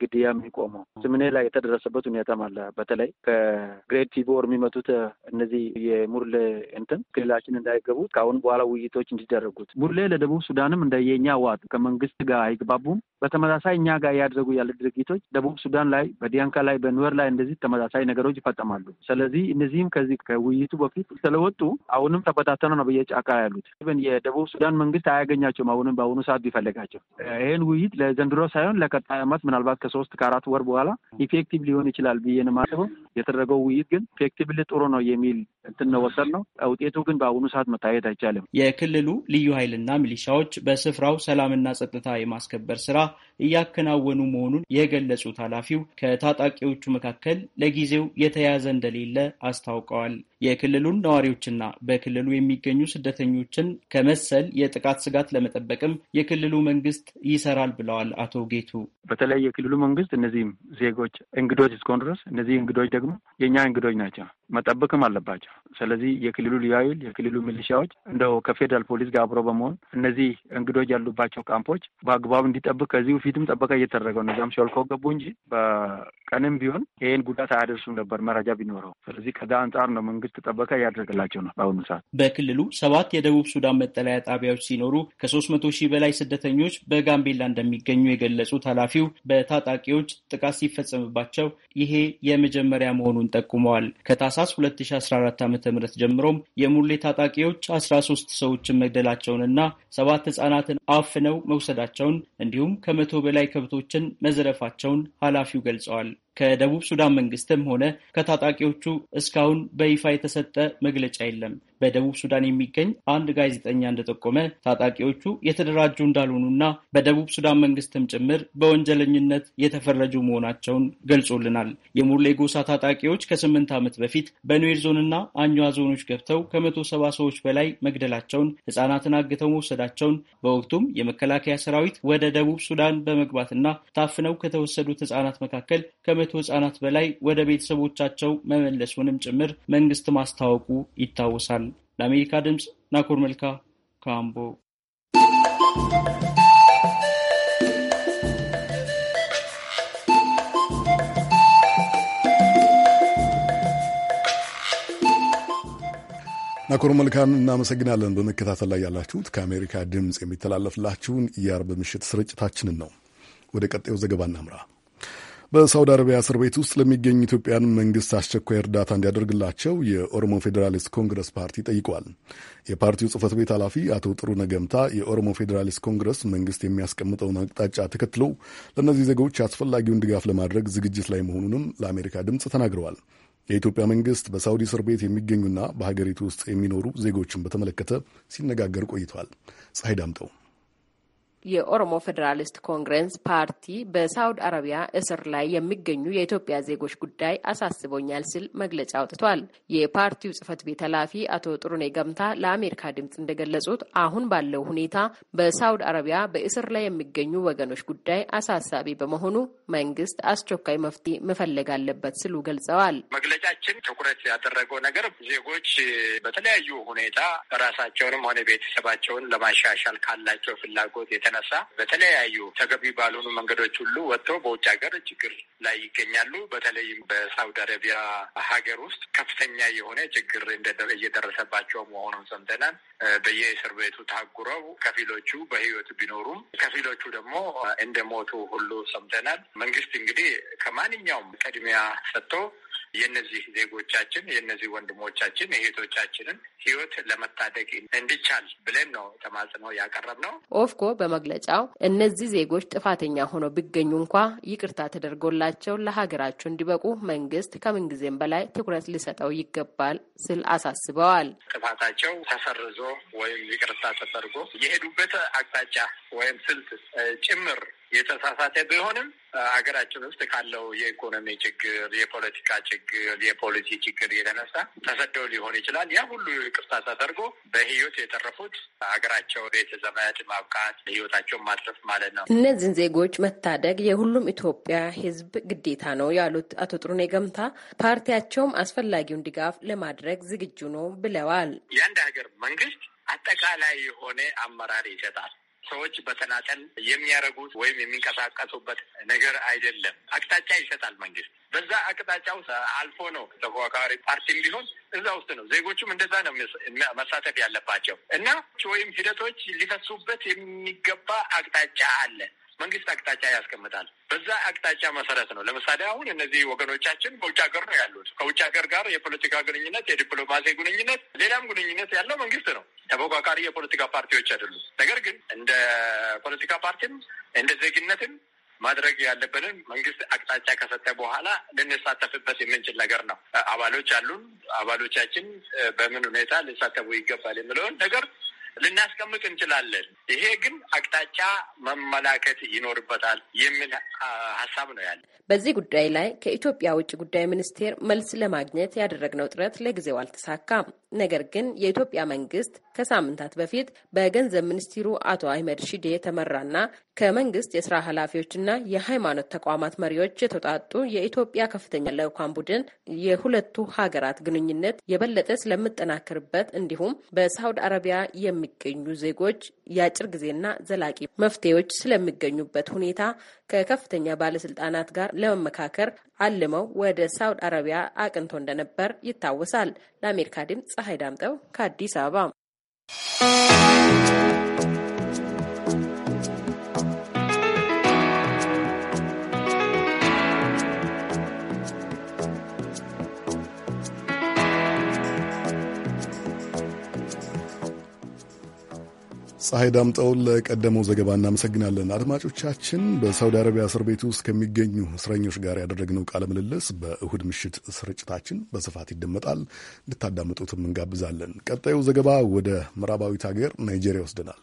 ግድያ የሚቆመው። ስምኔ ላይ የተደረሰበት ሁኔታም አለ። በተለይ ከግሬድ ቲቦር የሚመጡት እነዚህ የሙርሌ እንትን ክልላችን እንዳይገቡት ከአሁን በኋላ ውይይቶች እንዲደረጉት ሙርሌ ለደቡብ ሱዳንም እንደየኛ ዋጥ ከመንግስት ጋር አይግባቡም። በተመሳሳይ እኛ ጋር እያደረጉ ያለ ድርጊቶች ደቡብ ሱዳን ላይ በዲያንካ ላይ በኑዌር ላይ እንደዚህ ተመሳሳይ ነገሮች ይፈጠማሉ። ስለዚህ እነዚህም ከዚህ ከውይይቱ በፊት ስለወጡ አሁንም ተበታተነ ነው በየጫካ ያሉት። የደቡብ ሱዳን መንግስት አያገኛቸውም። አሁንም በአሁኑ ሰዓት ቢፈለጋቸው ይህን ውይይት ለዘንድሮ ሳይሆን ለቀጣይ አመት ምናልባት ከሶስት ከአራት ወር በኋላ ኢፌክቲቭ ሊሆን ይችላል ብዬ ነው የማስበው። የተደረገው ውይይት ግን ኢፌክቲቭሊ ጥሩ ነው የሚል እንትን ነው ወሰድ ነው። ውጤቱ ግን በአሁኑ ሰዓት መታየት አይቻልም። የክልሉ ልዩ ኃይልና ሚሊሻዎች በስፍራው ሰላምና ጸጥታ የማስከበር ስራ እያከናወኑ መሆኑን የገለጹት ኃላፊው ከታጣቂዎቹ መካከል ለጊዜው የተያዘ እንደሌለ አስታውቀዋል። የክልሉን ነዋሪዎችና በክልሉ የሚገኙ ስደተኞችን ከመሰል የጥቃት ስጋት ለመጠበቅም የክልሉ መንግስት ይሰራል ብለዋል አቶ ጌቱ። በተለይ የክልሉ መንግስት እነዚህም ዜጎች እንግዶች እስከሆኑ ድረስ እነዚህ እንግዶች ደግሞ የእኛ እንግዶች ናቸው። መጠበቅም አለባቸው። ስለዚህ የክልሉ ልዩ ኃይል፣ የክልሉ ሚሊሻዎች እንደው ከፌዴራል ፖሊስ ጋር አብሮ በመሆን እነዚህ እንግዶች ያሉባቸው ካምፖች በአግባቡ እንዲጠብቅ ከዚህ በፊትም ጥበቃ እየተደረገው እነዚያም ሾልከው ገቡ እንጂ በቀንም ቢሆን ይህን ጉዳት አያደርሱም ነበር መረጃ ቢኖረው። ስለዚህ ከዛ አንጻር ነው መንግስት ጥበቃ እያደረገላቸው ነው በአሁኑ ሰዓት። በክልሉ ሰባት የደቡብ ሱዳን መጠለያ ጣቢያዎች ሲኖሩ ከሶስት መቶ ሺህ በላይ ስደተኞች በጋምቤላ እንደሚገኙ የገለጹት ኃላፊው በታጣቂዎች ጥቃት ሲፈጸምባቸው ይሄ የመጀመሪያ መሆኑን ጠቁመዋል። ከታሳ ከታህሳስ 2014 ዓ ም ጀምሮም የሙሌ ታጣቂዎች 13 ሰዎችን መግደላቸውንና ሰባት ህጻናትን አፍነው መውሰዳቸውን እንዲሁም ከመቶ በላይ ከብቶችን መዘረፋቸውን ኃላፊው ገልጸዋል። ከደቡብ ሱዳን መንግስትም ሆነ ከታጣቂዎቹ እስካሁን በይፋ የተሰጠ መግለጫ የለም። በደቡብ ሱዳን የሚገኝ አንድ ጋዜጠኛ እንደጠቆመ ታጣቂዎቹ የተደራጁ እንዳልሆኑና በደቡብ ሱዳን መንግስትም ጭምር በወንጀለኝነት የተፈረጁ መሆናቸውን ገልጾልናል። የሙርሌ ጎሳ ታጣቂዎች ከስምንት ዓመት በፊት በኑዌር ዞንና አኟ ዞኖች ገብተው ከመቶ ሰባ ሰዎች በላይ መግደላቸውን፣ ህጻናትን አግተው መውሰዳቸውን በወቅቱም የመከላከያ ሰራዊት ወደ ደቡብ ሱዳን በመግባትና ታፍነው ከተወሰዱት ህጻናት መካከል ከመቶ ህጻናት በላይ ወደ ቤተሰቦቻቸው መመለሱንም ጭምር መንግስት ማስታወቁ ይታወሳል። ለአሜሪካ ድምፅ ናኮር መልካ ካምቦ ናኮር መልካን እናመሰግናለን። በመከታተል ላይ ያላችሁት ከአሜሪካ ድምፅ የሚተላለፍላችሁን የአርብ ምሽት ስርጭታችንን ነው። ወደ ቀጣዩ ዘገባ እናምራ። በሳውዲ አረቢያ እስር ቤት ውስጥ ለሚገኙ ኢትዮጵያን መንግስት አስቸኳይ እርዳታ እንዲያደርግላቸው የኦሮሞ ፌዴራሊስት ኮንግረስ ፓርቲ ጠይቋል። የፓርቲው ጽህፈት ቤት ኃላፊ አቶ ጥሩነ ገምታ የኦሮሞ ፌዴራሊስት ኮንግረስ መንግስት የሚያስቀምጠውን አቅጣጫ ተከትሎ ለእነዚህ ዜጎች አስፈላጊውን ድጋፍ ለማድረግ ዝግጅት ላይ መሆኑንም ለአሜሪካ ድምፅ ተናግረዋል። የኢትዮጵያ መንግስት በሳውዲ እስር ቤት የሚገኙና በሀገሪቱ ውስጥ የሚኖሩ ዜጎችን በተመለከተ ሲነጋገር ቆይቷል። ፀሐይ ዳምጠው የኦሮሞ ፌዴራሊስት ኮንግረስ ፓርቲ በሳውድ አረቢያ እስር ላይ የሚገኙ የኢትዮጵያ ዜጎች ጉዳይ አሳስቦኛል ሲል መግለጫ አውጥቷል። የፓርቲው ጽህፈት ቤት ኃላፊ አቶ ጥሩኔ ገምታ ለአሜሪካ ድምፅ እንደገለጹት አሁን ባለው ሁኔታ በሳውዲ አረቢያ በእስር ላይ የሚገኙ ወገኖች ጉዳይ አሳሳቢ በመሆኑ መንግስት አስቸኳይ መፍትሄ መፈለግ አለበት ሲሉ ገልጸዋል። መግለጫችን ትኩረት ያደረገው ነገር ዜጎች በተለያዩ ሁኔታ ራሳቸውንም ሆነ ቤተሰባቸውን ለማሻሻል ካላቸው ፍላጎት የተነሳ በተለያዩ ተገቢ ባልሆኑ መንገዶች ሁሉ ወጥቶ በውጭ ሀገር ችግር ላይ ይገኛሉ። በተለይም በሳውዲ አረቢያ ሀገር ውስጥ ከፍተኛ የሆነ ችግር እየደረሰባቸው መሆኑን ሰምተናል። በየእስር ቤቱ ታጉረው ከፊሎቹ በህይወት ቢኖሩም ከፊሎቹ ደግሞ እንደሞቱ ሁሉ ሰምተናል። መንግስት እንግዲህ ከማንኛውም ቅድሚያ ሰጥቶ የነዚህ ዜጎቻችን የነዚህ ወንድሞቻችን የእህቶቻችንን ህይወት ለመታደግ እንዲቻል ብለን ነው ተማጽኖ ያቀረብ ነው። ኦፍኮ በመግለጫው እነዚህ ዜጎች ጥፋተኛ ሆነው ቢገኙ እንኳ ይቅርታ ተደርጎላቸው ለሀገራቸው እንዲበቁ መንግስት ከምንጊዜም በላይ ትኩረት ሊሰጠው ይገባል ስል አሳስበዋል። ጥፋታቸው ተሰርዞ ወይም ይቅርታ ተደርጎ የሄዱበት አቅጣጫ ወይም ስልት ጭምር የተሳሳተ ቢሆንም ሀገራችን ውስጥ ካለው የኢኮኖሚ ችግር፣ የፖለቲካ ችግር፣ የፖሊሲ ችግር የተነሳ ተሰደው ሊሆን ይችላል። ያ ሁሉ ይቅርታ ተደርጎ በህይወት የተረፉት ሀገራቸው ቤተ ዘመድ ማብቃት ህይወታቸውን ማትረፍ ማለት ነው። እነዚህን ዜጎች መታደግ የሁሉም ኢትዮጵያ ህዝብ ግዴታ ነው ያሉት አቶ ጥሩኔ ገምታ ፓርቲያቸውም አስፈላጊውን ድጋፍ ለማድረግ ዝግጁ ነው ብለዋል። የአንድ ሀገር መንግስት አጠቃላይ የሆነ አመራር ይሰጣል። ሰዎች በተናጠል የሚያደርጉት ወይም የሚንቀሳቀሱበት ነገር አይደለም። አቅጣጫ ይሰጣል መንግስት። በዛ አቅጣጫ ውስጥ አልፎ ነው ተፎካካሪ ፓርቲም ቢሆን እዛ ውስጥ ነው። ዜጎቹም እንደዛ ነው መሳተፍ ያለባቸው እና ወይም ሂደቶች ሊፈሱበት የሚገባ አቅጣጫ አለ። መንግስት አቅጣጫ ያስቀምጣል። በዛ አቅጣጫ መሰረት ነው። ለምሳሌ አሁን እነዚህ ወገኖቻችን በውጭ ሀገር ነው ያሉት። ከውጭ ሀገር ጋር የፖለቲካ ግንኙነት፣ የዲፕሎማሲ ግንኙነት፣ ሌላም ግንኙነት ያለው መንግስት ነው። ተፎካካሪ የፖለቲካ ፓርቲዎች አይደሉም። ነገር ግን እንደ ፖለቲካ ፓርቲም እንደ ዜግነትም ማድረግ ያለብንን መንግስት አቅጣጫ ከሰጠ በኋላ ልንሳተፍበት የምንችል ነገር ነው። አባሎች አሉን። አባሎቻችን በምን ሁኔታ ሊሳተፉ ይገባል የሚለውን ነገር ልናስቀምጥ እንችላለን። ይሄ ግን አቅጣጫ መመላከት ይኖርበታል የሚል ሀሳብ ነው ያለ። በዚህ ጉዳይ ላይ ከኢትዮጵያ ውጭ ጉዳይ ሚኒስቴር መልስ ለማግኘት ያደረግነው ጥረት ለጊዜው አልተሳካም። ነገር ግን የኢትዮጵያ መንግስት ከሳምንታት በፊት በገንዘብ ሚኒስትሩ አቶ አህመድ ሺዴ የተመራና ከመንግስት የስራ ኃላፊዎችና የሃይማኖት ተቋማት መሪዎች የተውጣጡ የኢትዮጵያ ከፍተኛ ልዑካን ቡድን የሁለቱ ሀገራት ግንኙነት የበለጠ ስለምጠናከርበት እንዲሁም በሳውዲ አረቢያ የሚገኙ ዜጎች የአጭር ጊዜና ዘላቂ መፍትሄዎች ስለሚገኙበት ሁኔታ ከከፍተኛ ባለስልጣናት ጋር ለመመካከር አልመው ወደ ሳውዲ አረቢያ አቅንቶ እንደነበር ይታወሳል። ለአሜሪካ ድምፅ ፀሐይ ዳምጠው ከአዲስ አበባ ፀሐይ ዳምጠውን ለቀደመው ዘገባ እናመሰግናለን። አድማጮቻችን፣ በሳውዲ አረቢያ እስር ቤት ውስጥ ከሚገኙ እስረኞች ጋር ያደረግነው ቃለ ምልልስ በእሁድ ምሽት ስርጭታችን በስፋት ይደመጣል። እንድታዳምጡትም እንጋብዛለን። ቀጣዩ ዘገባ ወደ ምዕራባዊት ሀገር ናይጄሪያ ይወስደናል።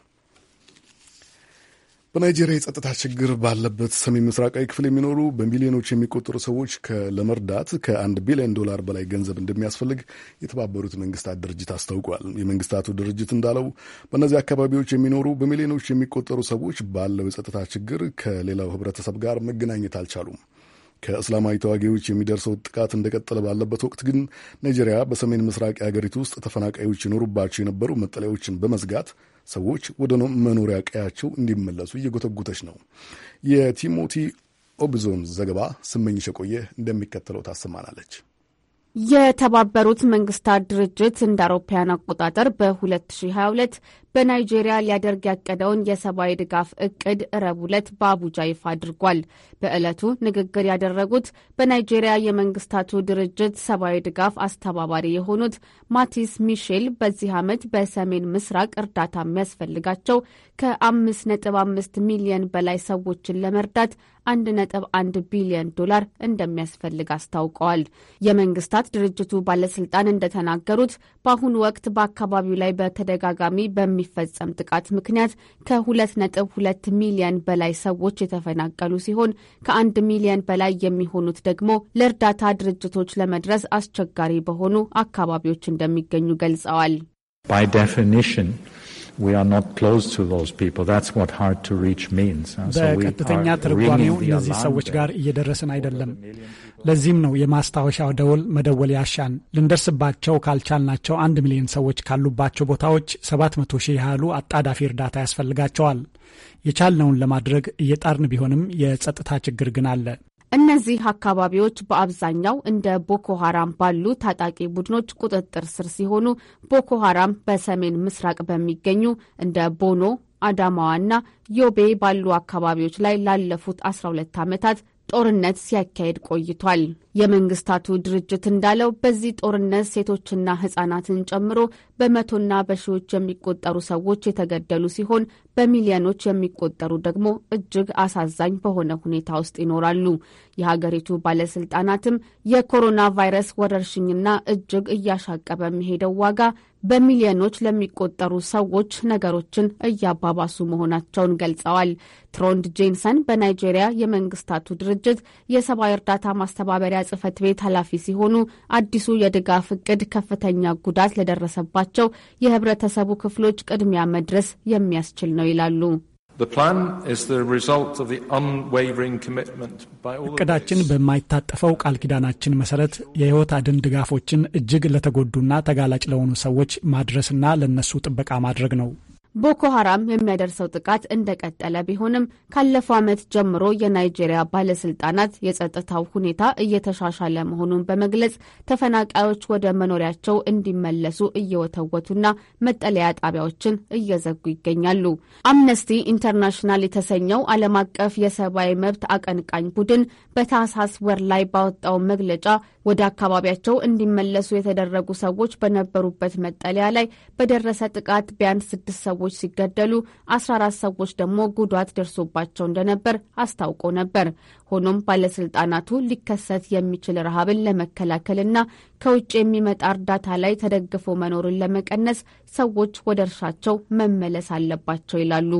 በናይጄሪያ የጸጥታ ችግር ባለበት ሰሜን ምስራቃዊ ክፍል የሚኖሩ በሚሊዮኖች የሚቆጠሩ ሰዎች ለመርዳት ከአንድ ቢሊዮን ዶላር በላይ ገንዘብ እንደሚያስፈልግ የተባበሩት መንግስታት ድርጅት አስታውቋል። የመንግስታቱ ድርጅት እንዳለው በእነዚህ አካባቢዎች የሚኖሩ በሚሊዮኖች የሚቆጠሩ ሰዎች ባለው የጸጥታ ችግር ከሌላው ህብረተሰብ ጋር መገናኘት አልቻሉም። ከእስላማዊ ተዋጊዎች የሚደርሰው ጥቃት እንደቀጠለ ባለበት ወቅት ግን ናይጄሪያ በሰሜን ምስራቅ የሀገሪቱ ውስጥ ተፈናቃዮች ይኖሩባቸው የነበሩ መጠለያዎችን በመዝጋት ሰዎች ወደ መኖሪያ ቀያቸው እንዲመለሱ እየጎተጎተች ነው። የቲሞቲ ኦብዞን ዘገባ ስመኝሽ የቆየ እንደሚከተለው ታሰማናለች። የተባበሩት መንግስታት ድርጅት እንደ አውሮፓውያን አቆጣጠር በ2022 በናይጄሪያ ሊያደርግ ያቀደውን የሰብአዊ ድጋፍ እቅድ ረቡዕ ዕለት በአቡጃ ይፋ አድርጓል። በዕለቱ ንግግር ያደረጉት በናይጄሪያ የመንግስታቱ ድርጅት ሰብአዊ ድጋፍ አስተባባሪ የሆኑት ማቲስ ሚሼል በዚህ ዓመት በሰሜን ምስራቅ እርዳታ የሚያስፈልጋቸው ከ5.5 ሚሊዮን በላይ ሰዎችን ለመርዳት 1.1 ቢሊዮን ዶላር እንደሚያስፈልግ አስታውቀዋል። የመንግስታት ድርጅቱ ባለስልጣን እንደተናገሩት በአሁኑ ወቅት በአካባቢው ላይ በተደጋጋሚ በሚ በሚፈጸም ጥቃት ምክንያት ከ2.2 ሚሊዮን በላይ ሰዎች የተፈናቀሉ ሲሆን ከአንድ ሚሊዮን በላይ የሚሆኑት ደግሞ ለእርዳታ ድርጅቶች ለመድረስ አስቸጋሪ በሆኑ አካባቢዎች እንደሚገኙ ገልጸዋል። By definition, በቀጥተኛ ትርጓሜው እነዚህ ሰዎች ጋር እየደረስን አይደለም። ለዚህም ነው የማስታወሻ ደወል መደወል ያሻን። ልንደርስባቸው ካልቻልናቸው አንድ ሚሊዮን ሰዎች ካሉባቸው ቦታዎች 700 ሺህ ያህሉ አጣዳፊ እርዳታ ያስፈልጋቸዋል። የቻልነውን ለማድረግ እየጣርን ቢሆንም የጸጥታ ችግር ግን አለ። እነዚህ አካባቢዎች በአብዛኛው እንደ ቦኮ ሀራም ባሉ ታጣቂ ቡድኖች ቁጥጥር ስር ሲሆኑ ቦኮ ሀራም በሰሜን ምስራቅ በሚገኙ እንደ ቦኖ፣ አዳማዋና ዮቤ ባሉ አካባቢዎች ላይ ላለፉት 12 ዓመታት ጦርነት ሲያካሄድ ቆይቷል። የመንግስታቱ ድርጅት እንዳለው በዚህ ጦርነት ሴቶችና ህጻናትን ጨምሮ በመቶና በሺዎች የሚቆጠሩ ሰዎች የተገደሉ ሲሆን በሚሊዮኖች የሚቆጠሩ ደግሞ እጅግ አሳዛኝ በሆነ ሁኔታ ውስጥ ይኖራሉ። የሀገሪቱ ባለስልጣናትም የኮሮና ቫይረስ ወረርሽኝና እጅግ እያሻቀበ የሚሄደው ዋጋ በሚሊዮኖች ለሚቆጠሩ ሰዎች ነገሮችን እያባባሱ መሆናቸውን ገልጸዋል። ትሮንድ ጄንሰን በናይጄሪያ የመንግስታቱ ድርጅት የሰብአዊ እርዳታ ማስተባበሪያ ጽህፈት ቤት ኃላፊ ሲሆኑ አዲሱ የድጋፍ እቅድ ከፍተኛ ጉዳት ለደረሰባቸው የህብረተሰቡ ክፍሎች ቅድሚያ መድረስ የሚያስችል ነው ይላሉ። እቅዳችን በማይታጠፈው ቃል ኪዳናችን መሰረት የህይወት አድን ድጋፎችን እጅግ ለተጎዱና ተጋላጭ ለሆኑ ሰዎች ማድረስና ለነሱ ጥበቃ ማድረግ ነው። ቦኮ ሀራም የሚያደርሰው ጥቃት እንደቀጠለ ቢሆንም ካለፈው ዓመት ጀምሮ የናይጄሪያ ባለስልጣናት የጸጥታው ሁኔታ እየተሻሻለ መሆኑን በመግለጽ ተፈናቃዮች ወደ መኖሪያቸው እንዲመለሱ እየወተወቱና መጠለያ ጣቢያዎችን እየዘጉ ይገኛሉ። አምነስቲ ኢንተርናሽናል የተሰኘው ዓለም አቀፍ የሰብአዊ መብት አቀንቃኝ ቡድን በታህሳስ ወር ላይ ባወጣው መግለጫ ወደ አካባቢያቸው እንዲመለሱ የተደረጉ ሰዎች በነበሩበት መጠለያ ላይ በደረሰ ጥቃት ቢያንስ ስድስት ሰዎች ሲገደሉ አስራ አራት ሰዎች ደግሞ ጉዳት ደርሶባቸው እንደነበር አስታውቆ ነበር። ሆኖም ባለስልጣናቱ ሊከሰት የሚችል ረሃብን ለመከላከልና ከውጭ የሚመጣ እርዳታ ላይ ተደግፎ መኖርን ለመቀነስ ሰዎች ወደ እርሻቸው መመለስ አለባቸው ይላሉ።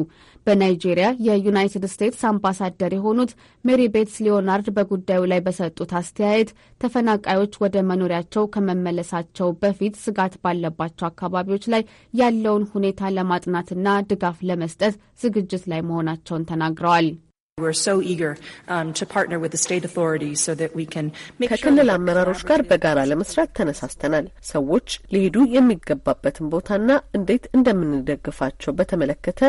በናይጄሪያ የዩናይትድ ስቴትስ አምባሳደር የሆኑት ሜሪ ቤትስ ሊዮናርድ በጉዳዩ ላይ በሰጡት አስተያየት ተፈናቃዮች ወደ መኖሪያቸው ከመመለሳቸው በፊት ስጋት ባለባቸው አካባቢዎች ላይ ያለውን ሁኔታ ለማጥናትና ድጋፍ ለመስጠት ዝግጅት ላይ መሆናቸውን ተናግረዋል። ከክልል አመራሮች ጋር በጋራ ለመስራት ተነሳስተናል። ሰዎች ሊሄዱ የሚገባበትን ቦታና እንዴት እንደምንደግፋቸው በተመለከተ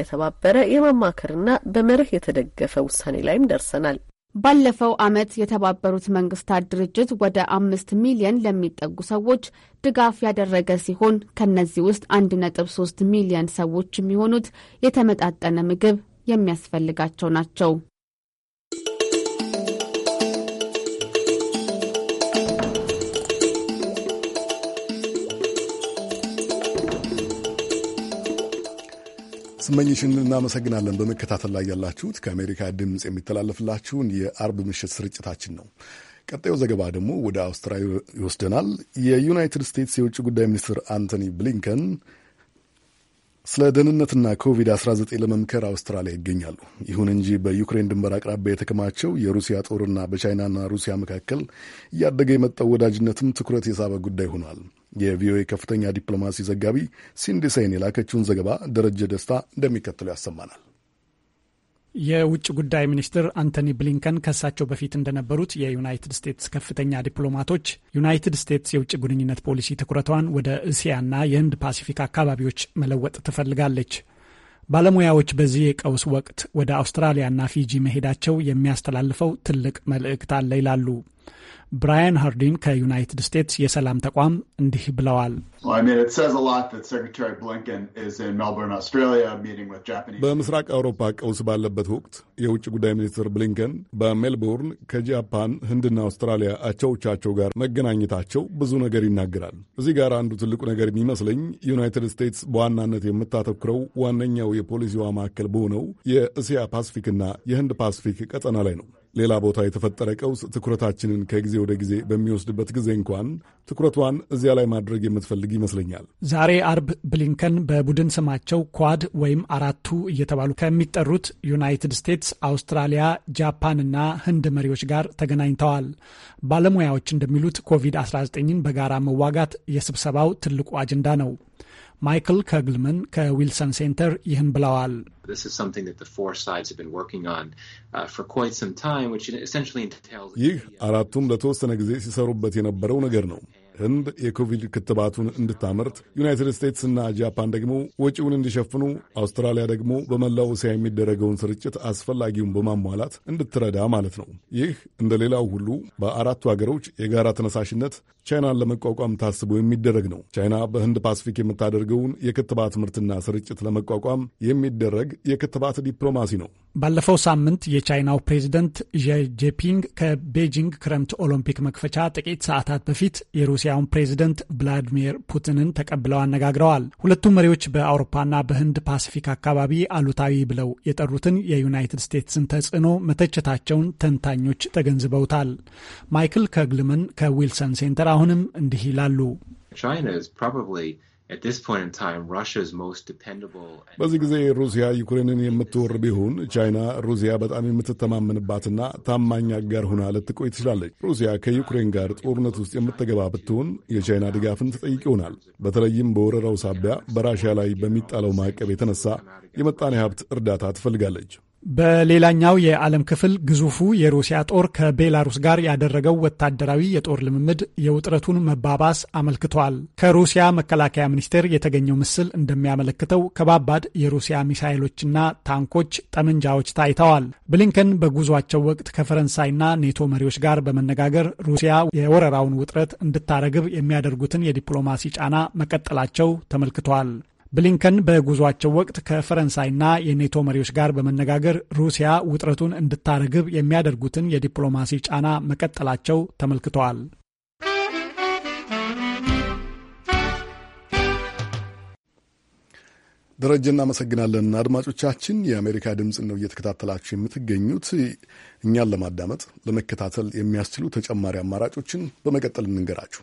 የተባበረ የመማከርና በመርህ የተደገፈ ውሳኔ ላይም ደርሰናል። ባለፈው ዓመት የተባበሩት መንግስታት ድርጅት ወደ አምስት ሚሊየን ለሚጠጉ ሰዎች ድጋፍ ያደረገ ሲሆን ከነዚህ ውስጥ አንድ ነጥብ ሶስት ሚሊየን ሰዎች የሚሆኑት የተመጣጠነ ምግብ የሚያስፈልጋቸው ናቸው። ስመኝሽን እናመሰግናለን። በመከታተል ላይ ያላችሁት ከአሜሪካ ድምፅ የሚተላለፍላችሁን የአርብ ምሽት ስርጭታችን ነው። ቀጣዩ ዘገባ ደግሞ ወደ አውስትራሊያ ይወስደናል። የዩናይትድ ስቴትስ የውጭ ጉዳይ ሚኒስትር አንቶኒ ብሊንከን ስለ ደህንነትና ኮቪድ-19 ለመምከር አውስትራሊያ ይገኛሉ። ይሁን እንጂ በዩክሬን ድንበር አቅራቢያ የተከማቸው የሩሲያ ጦርና በቻይናና ሩሲያ መካከል እያደገ የመጣው ወዳጅነትም ትኩረት የሳበ ጉዳይ ሆኗል። የቪኦኤ ከፍተኛ ዲፕሎማሲ ዘጋቢ ሲንዲ የላከችውን ዘገባ ደረጀ ደስታ እንደሚከትሉ ያሰማናል። የውጭ ጉዳይ ሚኒስትር አንቶኒ ብሊንከን ከእሳቸው በፊት እንደነበሩት የዩናይትድ ስቴትስ ከፍተኛ ዲፕሎማቶች ዩናይትድ ስቴትስ የውጭ ግንኙነት ፖሊሲ ትኩረቷን ወደ እስያና የህንድ ፓሲፊክ አካባቢዎች መለወጥ ትፈልጋለች። ባለሙያዎች በዚህ የቀውስ ወቅት ወደ አውስትራሊያና ፊጂ መሄዳቸው የሚያስተላልፈው ትልቅ መልእክት አለ ይላሉ። ብራያን ሃርዲን ከዩናይትድ ስቴትስ የሰላም ተቋም እንዲህ ብለዋል። በምስራቅ አውሮፓ ቀውስ ባለበት ወቅት የውጭ ጉዳይ ሚኒስትር ብሊንከን በሜልቦርን ከጃፓን ህንድና አውስትራሊያ አቻዎቻቸው ጋር መገናኘታቸው ብዙ ነገር ይናገራል። እዚህ ጋር አንዱ ትልቁ ነገር የሚመስለኝ ዩናይትድ ስቴትስ በዋናነት የምታተኩረው ዋነኛው የፖሊሲዋ ማዕከል በሆነው የእስያ ፓስፊክና የህንድ ፓስፊክ ቀጠና ላይ ነው። ሌላ ቦታ የተፈጠረ ቀውስ ትኩረታችንን ከጊዜ ወደ ጊዜ በሚወስድበት ጊዜ እንኳን ትኩረቷን እዚያ ላይ ማድረግ የምትፈልግ ይመስለኛል። ዛሬ አርብ ብሊንከን በቡድን ስማቸው ኳድ ወይም አራቱ እየተባሉ ከሚጠሩት ዩናይትድ ስቴትስ፣ አውስትራሊያ፣ ጃፓንና ህንድ መሪዎች ጋር ተገናኝተዋል። ባለሙያዎች እንደሚሉት ኮቪድ-19ን በጋራ መዋጋት የስብሰባው ትልቁ አጀንዳ ነው። ማይክል ከግልመን ከዊልሰን ሴንተር ይህን ብለዋል። uh, ይህ አራቱም ለተወሰነ ጊዜ ሲሰሩበት የነበረው ነገር ነው። ህንድ የኮቪድ ክትባቱን እንድታመርት፣ ዩናይትድ ስቴትስ እና ጃፓን ደግሞ ወጪውን እንዲሸፍኑ፣ አውስትራሊያ ደግሞ በመላው እስያ የሚደረገውን ስርጭት አስፈላጊውን በማሟላት እንድትረዳ ማለት ነው። ይህ እንደ ሌላው ሁሉ በአራቱ ሀገሮች የጋራ ተነሳሽነት ቻይናን ለመቋቋም ታስቦ የሚደረግ ነው። ቻይና በህንድ ፓስፊክ የምታደርገውን የክትባት ምርትና ስርጭት ለመቋቋም የሚደረግ የክትባት ዲፕሎማሲ ነው። ባለፈው ሳምንት የቻይናው ፕሬዚደንት ዣይጄፒንግ ከቤጂንግ ክረምት ኦሎምፒክ መክፈቻ ጥቂት ሰዓታት በፊት የሩሲያውን ፕሬዚደንት ቭላዲሚር ፑቲንን ተቀብለው አነጋግረዋል። ሁለቱም መሪዎች በአውሮፓና በህንድ ፓስፊክ አካባቢ አሉታዊ ብለው የጠሩትን የዩናይትድ ስቴትስን ተጽዕኖ መተቸታቸውን ተንታኞች ተገንዝበውታል። ማይክል ከግልመን ከዊልሰን ሴንተር አሁንም እንዲህ ይላሉ። በዚህ ጊዜ ሩሲያ ዩክሬንን የምትወር ቢሆን ቻይና ሩሲያ በጣም የምትተማመንባትና ታማኝ አጋር ሆና ልትቆይ ትችላለች። ሩሲያ ከዩክሬን ጋር ጦርነት ውስጥ የምትገባ ብትሆን የቻይና ድጋፍን ትጠይቅ ይሆናል። በተለይም በወረራው ሳቢያ በራሽያ ላይ በሚጣለው ማዕቀብ የተነሳ የመጣኔ ሀብት እርዳታ ትፈልጋለች። በሌላኛው የዓለም ክፍል ግዙፉ የሩሲያ ጦር ከቤላሩስ ጋር ያደረገው ወታደራዊ የጦር ልምምድ የውጥረቱን መባባስ አመልክቷል። ከሩሲያ መከላከያ ሚኒስቴር የተገኘው ምስል እንደሚያመለክተው ከባባድ የሩሲያ ሚሳይሎችና ታንኮች፣ ጠመንጃዎች ታይተዋል። ብሊንከን በጉዟቸው ወቅት ከፈረንሳይና ኔቶ መሪዎች ጋር በመነጋገር ሩሲያ የወረራውን ውጥረት እንድታረግብ የሚያደርጉትን የዲፕሎማሲ ጫና መቀጠላቸው ተመልክቷል። ብሊንከን በጉዟቸው ወቅት ከፈረንሳይና የኔቶ መሪዎች ጋር በመነጋገር ሩሲያ ውጥረቱን እንድታረግብ የሚያደርጉትን የዲፕሎማሲ ጫና መቀጠላቸው ተመልክተዋል። ደረጀ፣ እናመሰግናለን። አድማጮቻችን፣ የአሜሪካ ድምፅ ነው እየተከታተላችሁ የምትገኙት። እኛን ለማዳመጥ ለመከታተል የሚያስችሉ ተጨማሪ አማራጮችን በመቀጠል እንንገራችሁ።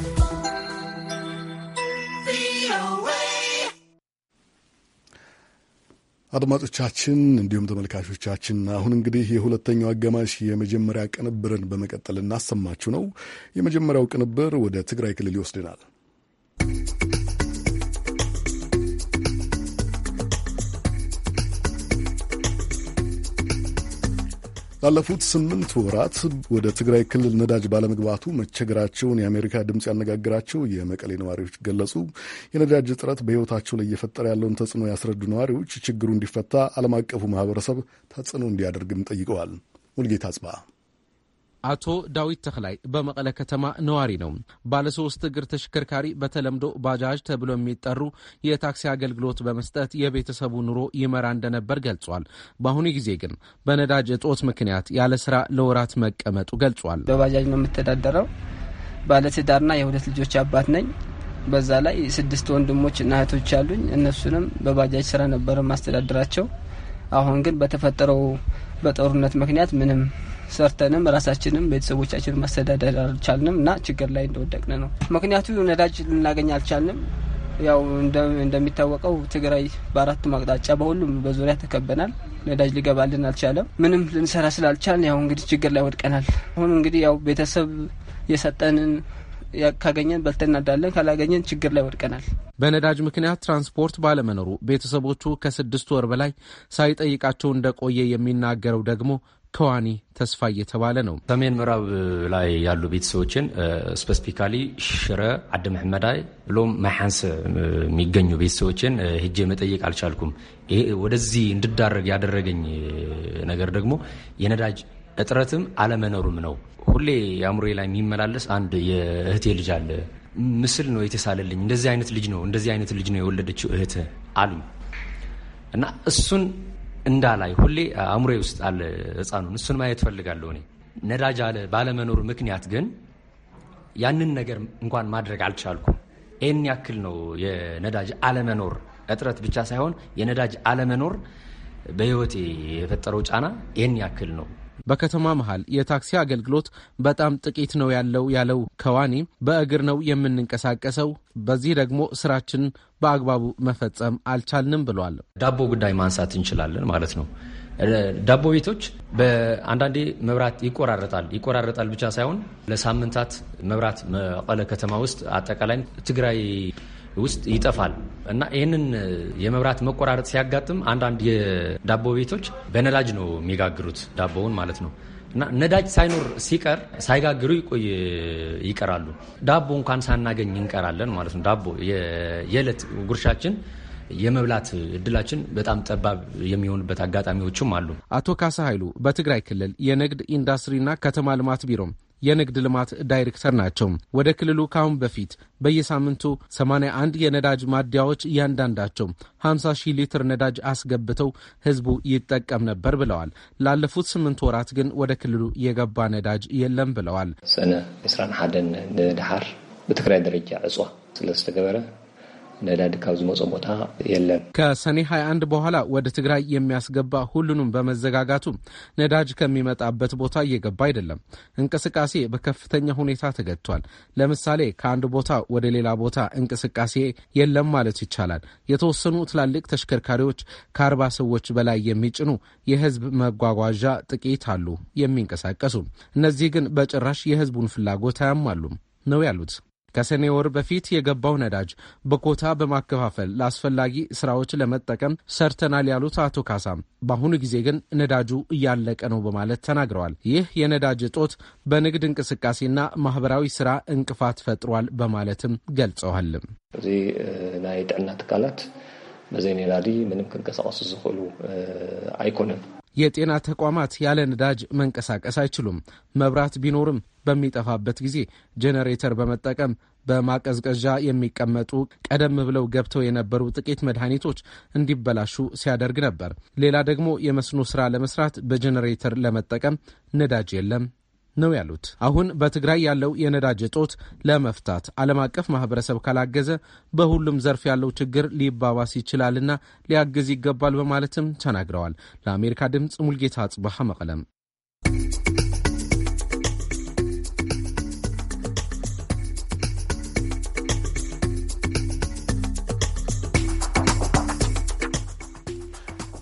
አድማጮቻችን እንዲሁም ተመልካቾቻችን አሁን እንግዲህ የሁለተኛው አጋማሽ የመጀመሪያ ቅንብርን በመቀጠል እናሰማችሁ ነው። የመጀመሪያው ቅንብር ወደ ትግራይ ክልል ይወስድናል። ላለፉት ስምንት ወራት ወደ ትግራይ ክልል ነዳጅ ባለመግባቱ መቸገራቸውን የአሜሪካ ድምፅ ያነጋግራቸው የመቀሌ ነዋሪዎች ገለጹ። የነዳጅ እጥረት በሕይወታቸው ላይ እየፈጠረ ያለውን ተጽዕኖ ያስረዱ ነዋሪዎች ችግሩ እንዲፈታ ዓለም አቀፉ ማህበረሰብ ተጽዕኖ እንዲያደርግም ጠይቀዋል። ሙልጌታ ጽባ አቶ ዳዊት ተክላይ በመቀለ ከተማ ነዋሪ ነው። ባለሶስት እግር ተሽከርካሪ በተለምዶ ባጃጅ ተብሎ የሚጠሩ የታክሲ አገልግሎት በመስጠት የቤተሰቡ ኑሮ ይመራ እንደነበር ገልጿል። በአሁኑ ጊዜ ግን በነዳጅ እጦት ምክንያት ያለ ስራ ለወራት መቀመጡ ገልጿል። በባጃጅ ነው የምተዳደረው። ባለትዳርና የሁለት ልጆች አባት ነኝ። በዛ ላይ ስድስት ወንድሞችና እህቶች አሉኝ። እነሱንም በባጃጅ ስራ ነበረ ማስተዳደራቸው። አሁን ግን በተፈጠረው በጦርነት ምክንያት ምንም ሰርተንም ራሳችንም ቤተሰቦቻችን ማስተዳደር አልቻልንም እና ችግር ላይ እንደወደቅን ነው። ምክንያቱ ነዳጅ ልናገኝ አልቻልንም። ያው እንደሚታወቀው ትግራይ በአራቱ ማቅጣጫ በሁሉም በዙሪያ ተከበናል። ነዳጅ ሊገባልን አልቻለም። ምንም ልንሰራ ስላልቻል ያው እንግዲህ ችግር ላይ ወድቀናል። አሁን እንግዲህ ያው ቤተሰብ የሰጠንን ካገኘን በልተን እናዳለን፣ ካላገኘን ችግር ላይ ወድቀናል። በነዳጅ ምክንያት ትራንስፖርት ባለመኖሩ ቤተሰቦቹ ከስድስት ወር በላይ ሳይጠይቃቸው እንደቆየ የሚናገረው ደግሞ ከዋኒ ተስፋ እየተባለ ነው። ሰሜን ምዕራብ ላይ ያሉ ቤተሰቦችን ስፔሲፊካሊ ሽረ፣ አደ መሐመዳይ ብሎም ማይሓንስ የሚገኙ ቤተሰቦችን ህጄ መጠየቅ አልቻልኩም። ወደዚህ እንድዳረግ ያደረገኝ ነገር ደግሞ የነዳጅ እጥረትም አለመኖሩም ነው። ሁሌ የአእምሮ ላይ የሚመላለስ አንድ የእህቴ ልጅ አለ ምስል ነው የተሳለልኝ። እንደዚህ አይነት ልጅ ነው እንደዚህ አይነት ልጅ ነው የወለደችው እህት አሉኝ እና እሱን እንዳላይ ሁሌ አእምሮዬ ውስጥ አለ ህፃኑን። እሱን ማየት ፈልጋለሁ እኔ። ነዳጅ አለ ባለመኖሩ ምክንያት ግን ያንን ነገር እንኳን ማድረግ አልቻልኩም። ይህን ያክል ነው የነዳጅ አለመኖር እጥረት ብቻ ሳይሆን የነዳጅ አለመኖር በህይወቴ የፈጠረው ጫና ይህን ያክል ነው። በከተማ መሀል የታክሲ አገልግሎት በጣም ጥቂት ነው ያለው ያለው ከዋኒ በእግር ነው የምንንቀሳቀሰው። በዚህ ደግሞ ስራችን በአግባቡ መፈጸም አልቻልንም ብሏል። ዳቦ ጉዳይ ማንሳት እንችላለን ማለት ነው። ዳቦ ቤቶች በአንዳንዴ መብራት ይቆራረጣል። ይቆራረጣል ብቻ ሳይሆን ለሳምንታት መብራት መቀለ ከተማ ውስጥ አጠቃላይ ትግራይ ውስጥ ይጠፋል እና ይህንን የመብራት መቆራረጥ ሲያጋጥም አንዳንድ የዳቦ ቤቶች በነዳጅ ነው የሚጋግሩት ዳቦውን ማለት ነው። እና ነዳጅ ሳይኖር ሲቀር ሳይጋግሩ ይቆይ ይቀራሉ። ዳቦ እንኳን ሳናገኝ እንቀራለን ማለት ነው። ዳቦ የዕለት ጉርሻችን የመብላት እድላችን በጣም ጠባብ የሚሆንበት አጋጣሚዎችም አሉ። አቶ ካሳ ኃይሉ በትግራይ ክልል የንግድ ኢንዱስትሪና ከተማ ልማት ቢሮም የንግድ ልማት ዳይሬክተር ናቸው። ወደ ክልሉ ካሁን በፊት በየሳምንቱ 81 የነዳጅ ማደያዎች እያንዳንዳቸው 50 ሺህ ሊትር ነዳጅ አስገብተው ህዝቡ ይጠቀም ነበር ብለዋል። ላለፉት ስምንት ወራት ግን ወደ ክልሉ የገባ ነዳጅ የለም ብለዋል። ሰነ 21 ንድሓር ብትግራይ ደረጃ እጽዋ ስለዝተገበረ ነዳድ ካብ ዝመፆ ቦታ የለን ከሰኔ 21 በኋላ ወደ ትግራይ የሚያስገባ ሁሉንም በመዘጋጋቱ ነዳጅ ከሚመጣበት ቦታ እየገባ አይደለም። እንቅስቃሴ በከፍተኛ ሁኔታ ተገድቷል። ለምሳሌ ከአንድ ቦታ ወደ ሌላ ቦታ እንቅስቃሴ የለም ማለት ይቻላል። የተወሰኑ ትላልቅ ተሽከርካሪዎች ከአርባ ሰዎች በላይ የሚጭኑ የህዝብ መጓጓዣ ጥቂት አሉ የሚንቀሳቀሱ። እነዚህ ግን በጭራሽ የህዝቡን ፍላጎት አያሟሉም ነው ያሉት ከሰኔ ወር በፊት የገባው ነዳጅ በኮታ በማከፋፈል ለአስፈላጊ ስራዎች ለመጠቀም ሰርተናል ያሉት አቶ ካሳም በአሁኑ ጊዜ ግን ነዳጁ እያለቀ ነው በማለት ተናግረዋል። ይህ የነዳጅ እጦት በንግድ እንቅስቃሴና ማህበራዊ ስራ እንቅፋት ፈጥሯል በማለትም ገልጸዋል። እዚ ናይ ጥዕና ትካላት በዘይ ነዳዲ ምንም ክንቀሳቀሱ ዝኽእሉ ኣይኮነን የጤና ተቋማት ያለ ነዳጅ መንቀሳቀስ አይችሉም። መብራት ቢኖርም በሚጠፋበት ጊዜ ጄኔሬተር በመጠቀም በማቀዝቀዣ የሚቀመጡ ቀደም ብለው ገብተው የነበሩ ጥቂት መድኃኒቶች እንዲበላሹ ሲያደርግ ነበር። ሌላ ደግሞ የመስኖ ስራ ለመስራት በጄኔሬተር ለመጠቀም ነዳጅ የለም ነው ያሉት። አሁን በትግራይ ያለው የነዳጅ እጦት ለመፍታት ዓለም አቀፍ ማህበረሰብ ካላገዘ በሁሉም ዘርፍ ያለው ችግር ሊባባስ ይችላልና ሊያግዝ ይገባል በማለትም ተናግረዋል። ለአሜሪካ ድምፅ ሙልጌታ አጽባሃ መቀለም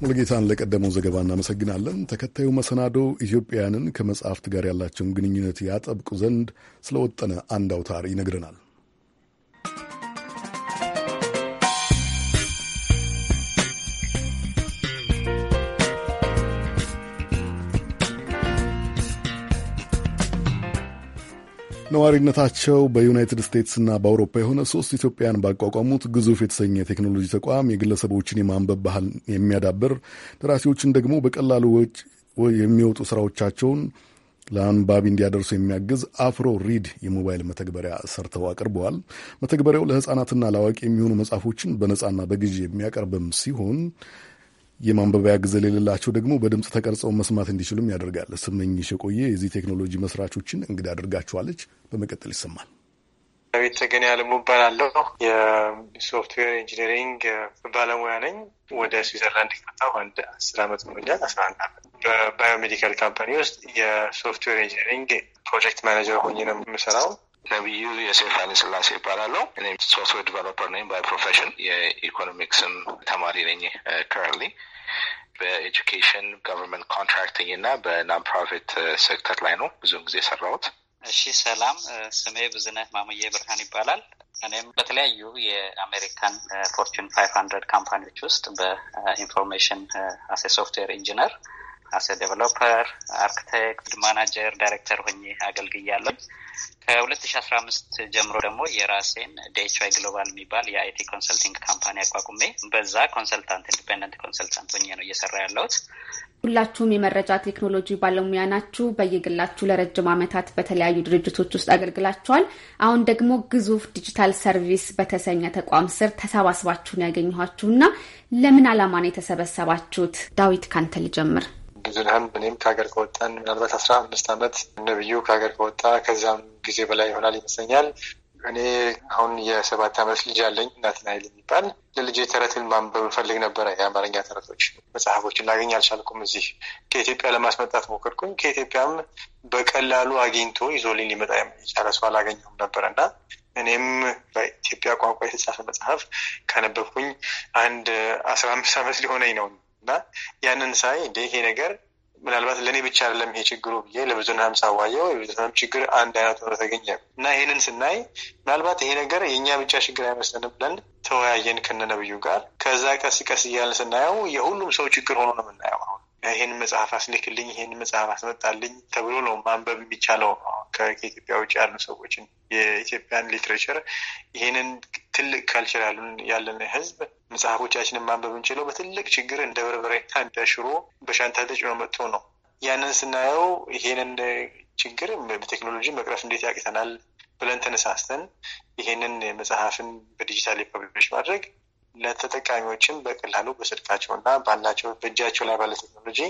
ሙሉጌታን ለቀደመው ዘገባ እናመሰግናለን። ተከታዩ መሰናዶ ኢትዮጵያውያንን ከመጽሐፍት ጋር ያላቸውን ግንኙነት ያጠብቁ ዘንድ ስለወጠነ አንድ አውታር ይነግረናል። ነዋሪነታቸው በዩናይትድ ስቴትስና በአውሮፓ የሆነ ሶስት ኢትዮጵያን ባቋቋሙት ግዙፍ የተሰኘ የቴክኖሎጂ ተቋም የግለሰቦችን የማንበብ ባህል የሚያዳብር ደራሲዎችን ደግሞ በቀላሉ ወጪ የሚወጡ ስራዎቻቸውን ለአንባቢ እንዲያደርሱ የሚያግዝ አፍሮ ሪድ የሞባይል መተግበሪያ ሰርተው አቅርበዋል። መተግበሪያው ለህፃናትና ለአዋቂ የሚሆኑ መጽሐፎችን በነጻና በግዢ የሚያቀርብም ሲሆን የማንበቢያ ግዘል የሌላቸው ደግሞ በድምፅ ተቀርጸው መስማት እንዲችሉም ያደርጋል። ስመኝሽ የቆየ የዚህ ቴክኖሎጂ መስራቾችን እንግዳ አድርጋችኋለች። በመቀጠል ይሰማል። ቤተገኔ አለሙ እባላለሁ። የሶፍትዌር ኢንጂነሪንግ ባለሙያ ነኝ። ወደ ስዊዘርላንድ ከመጣሁ አንድ አስር አመት ሆኖኛል። አስራ አንድ አመት በባዮሜዲካል ካምፓኒ ውስጥ የሶፍትዌር ኢንጂነሪንግ ፕሮጀክት ማኔጀር ሆኜ ነው የምሰራው። ነቢዩ የሴፍ ኃይለ ስላሴ ይባላለሁ። እኔም ሶፍትዌር ዲቨሎፐር ነኝ ባይ ፕሮፌሽን። የኢኮኖሚክስም ተማሪ ነኝ ከረንትሊ በኤጁኬሽን ጋቨርንመንት ኮንትራክቲንግ እና በናን ፕሮፊት ሴክተር ላይ ነው ብዙውን ጊዜ የሰራሁት። እሺ ሰላም፣ ስሜ ብዝነህ ማሙዬ ብርሃን ይባላል። እኔም በተለያዩ የአሜሪካን ፎርቹን ፋይቭ ሀንድረድ ካምፓኒዎች ውስጥ በኢንፎርሜሽን አሴ ሶፍትዌር ኢንጂነር አሰ ዴቨሎፐር፣ አርክቴክት፣ ማናጀር፣ ዳይሬክተር ሆኜ አገልግያለሁ። ከሁለት ሺ አስራ አምስት ጀምሮ ደግሞ የራሴን ዴችዋይ ግሎባል የሚባል የአይቲ ኮንሰልቲንግ ካምፓኒ አቋቁሜ በዛ ኮንሰልታንት ኢንዲፔንደንት ኮንሰልታንት ሆኜ ነው እየሰራ ያለሁት። ሁላችሁም የመረጃ ቴክኖሎጂ ባለሙያ ናችሁ። በየግላችሁ ለረጅም ዓመታት በተለያዩ ድርጅቶች ውስጥ አገልግላችኋል። አሁን ደግሞ ግዙፍ ዲጂታል ሰርቪስ በተሰኘ ተቋም ስር ተሰባስባችሁን ያገኘኋችሁ እና ለምን ዓላማ ነው የተሰበሰባችሁት? ዳዊት ካንተ ልጀምር። ብዙነህም እኔም ከሀገር ከወጣን ምናልባት አስራ አምስት አመት ነብዩ ከሀገር ከወጣ ከዛም ጊዜ በላይ ይሆናል ይመስለኛል። እኔ አሁን የሰባት ዓመት ልጅ አለኝ እናትና ይል የሚባል ለልጅ ተረትን ማንበብ እንፈልግ ነበረ። የአማርኛ ተረቶች መጽሐፎችን ላገኝ አልቻልኩም። እዚህ ከኢትዮጵያ ለማስመጣት ሞከርኩኝ። ከኢትዮጵያም በቀላሉ አግኝቶ ይዞልኝ ሊመጣ የቻለ ሰው አላገኘሁም ነበረ እና እኔም በኢትዮጵያ ቋንቋ የተጻፈ መጽሐፍ ካነበብኩኝ አንድ አስራ አምስት ዓመት ሊሆነኝ ነው እና ያንን ሳይ እንደ ይሄ ነገር ምናልባት ለእኔ ብቻ አይደለም ይሄ ችግሩ ብዬ ሀምሳ ሳዋየው የብዙም ችግር አንድ አይነት ሆኖ ተገኘ እና ይህንን ስናይ ምናልባት ይሄ ነገር የእኛ ብቻ ችግር አይመስለንም ብለን ተወያየን ከነነብዩ ጋር። ከዛ ቀስ ቀስ እያልን ስናየው የሁሉም ሰው ችግር ሆኖ ነው የምናየው። ይህን መጽሐፍ አስልክልኝ፣ ይህን መጽሐፍ አስመጣልኝ ተብሎ ነው ማንበብ የሚቻለው። ከኢትዮጵያ ውጭ ያሉ ሰዎችን የኢትዮጵያን ሊትሬቸር ይህንን ትልቅ ካልቸር ያለን ህዝብ መጽሐፎቻችንን ማንበብ እንችለው በትልቅ ችግር እንደ በርበሬና እንደ ሽሮ በሻንጣ ተጭኖ መጥቶ ነው። ያንን ስናየው ይህንን ችግር በቴክኖሎጂ መቅረፍ እንዴት ያቅተናል ብለን ተነሳስተን ይህንን መጽሐፍን በዲጂታል ፐብሊሽ ማድረግ ለተጠቃሚዎችን በቀላሉ በስልካቸው እና ባላቸው በእጃቸው ላይ ባለ ቴክኖሎጂ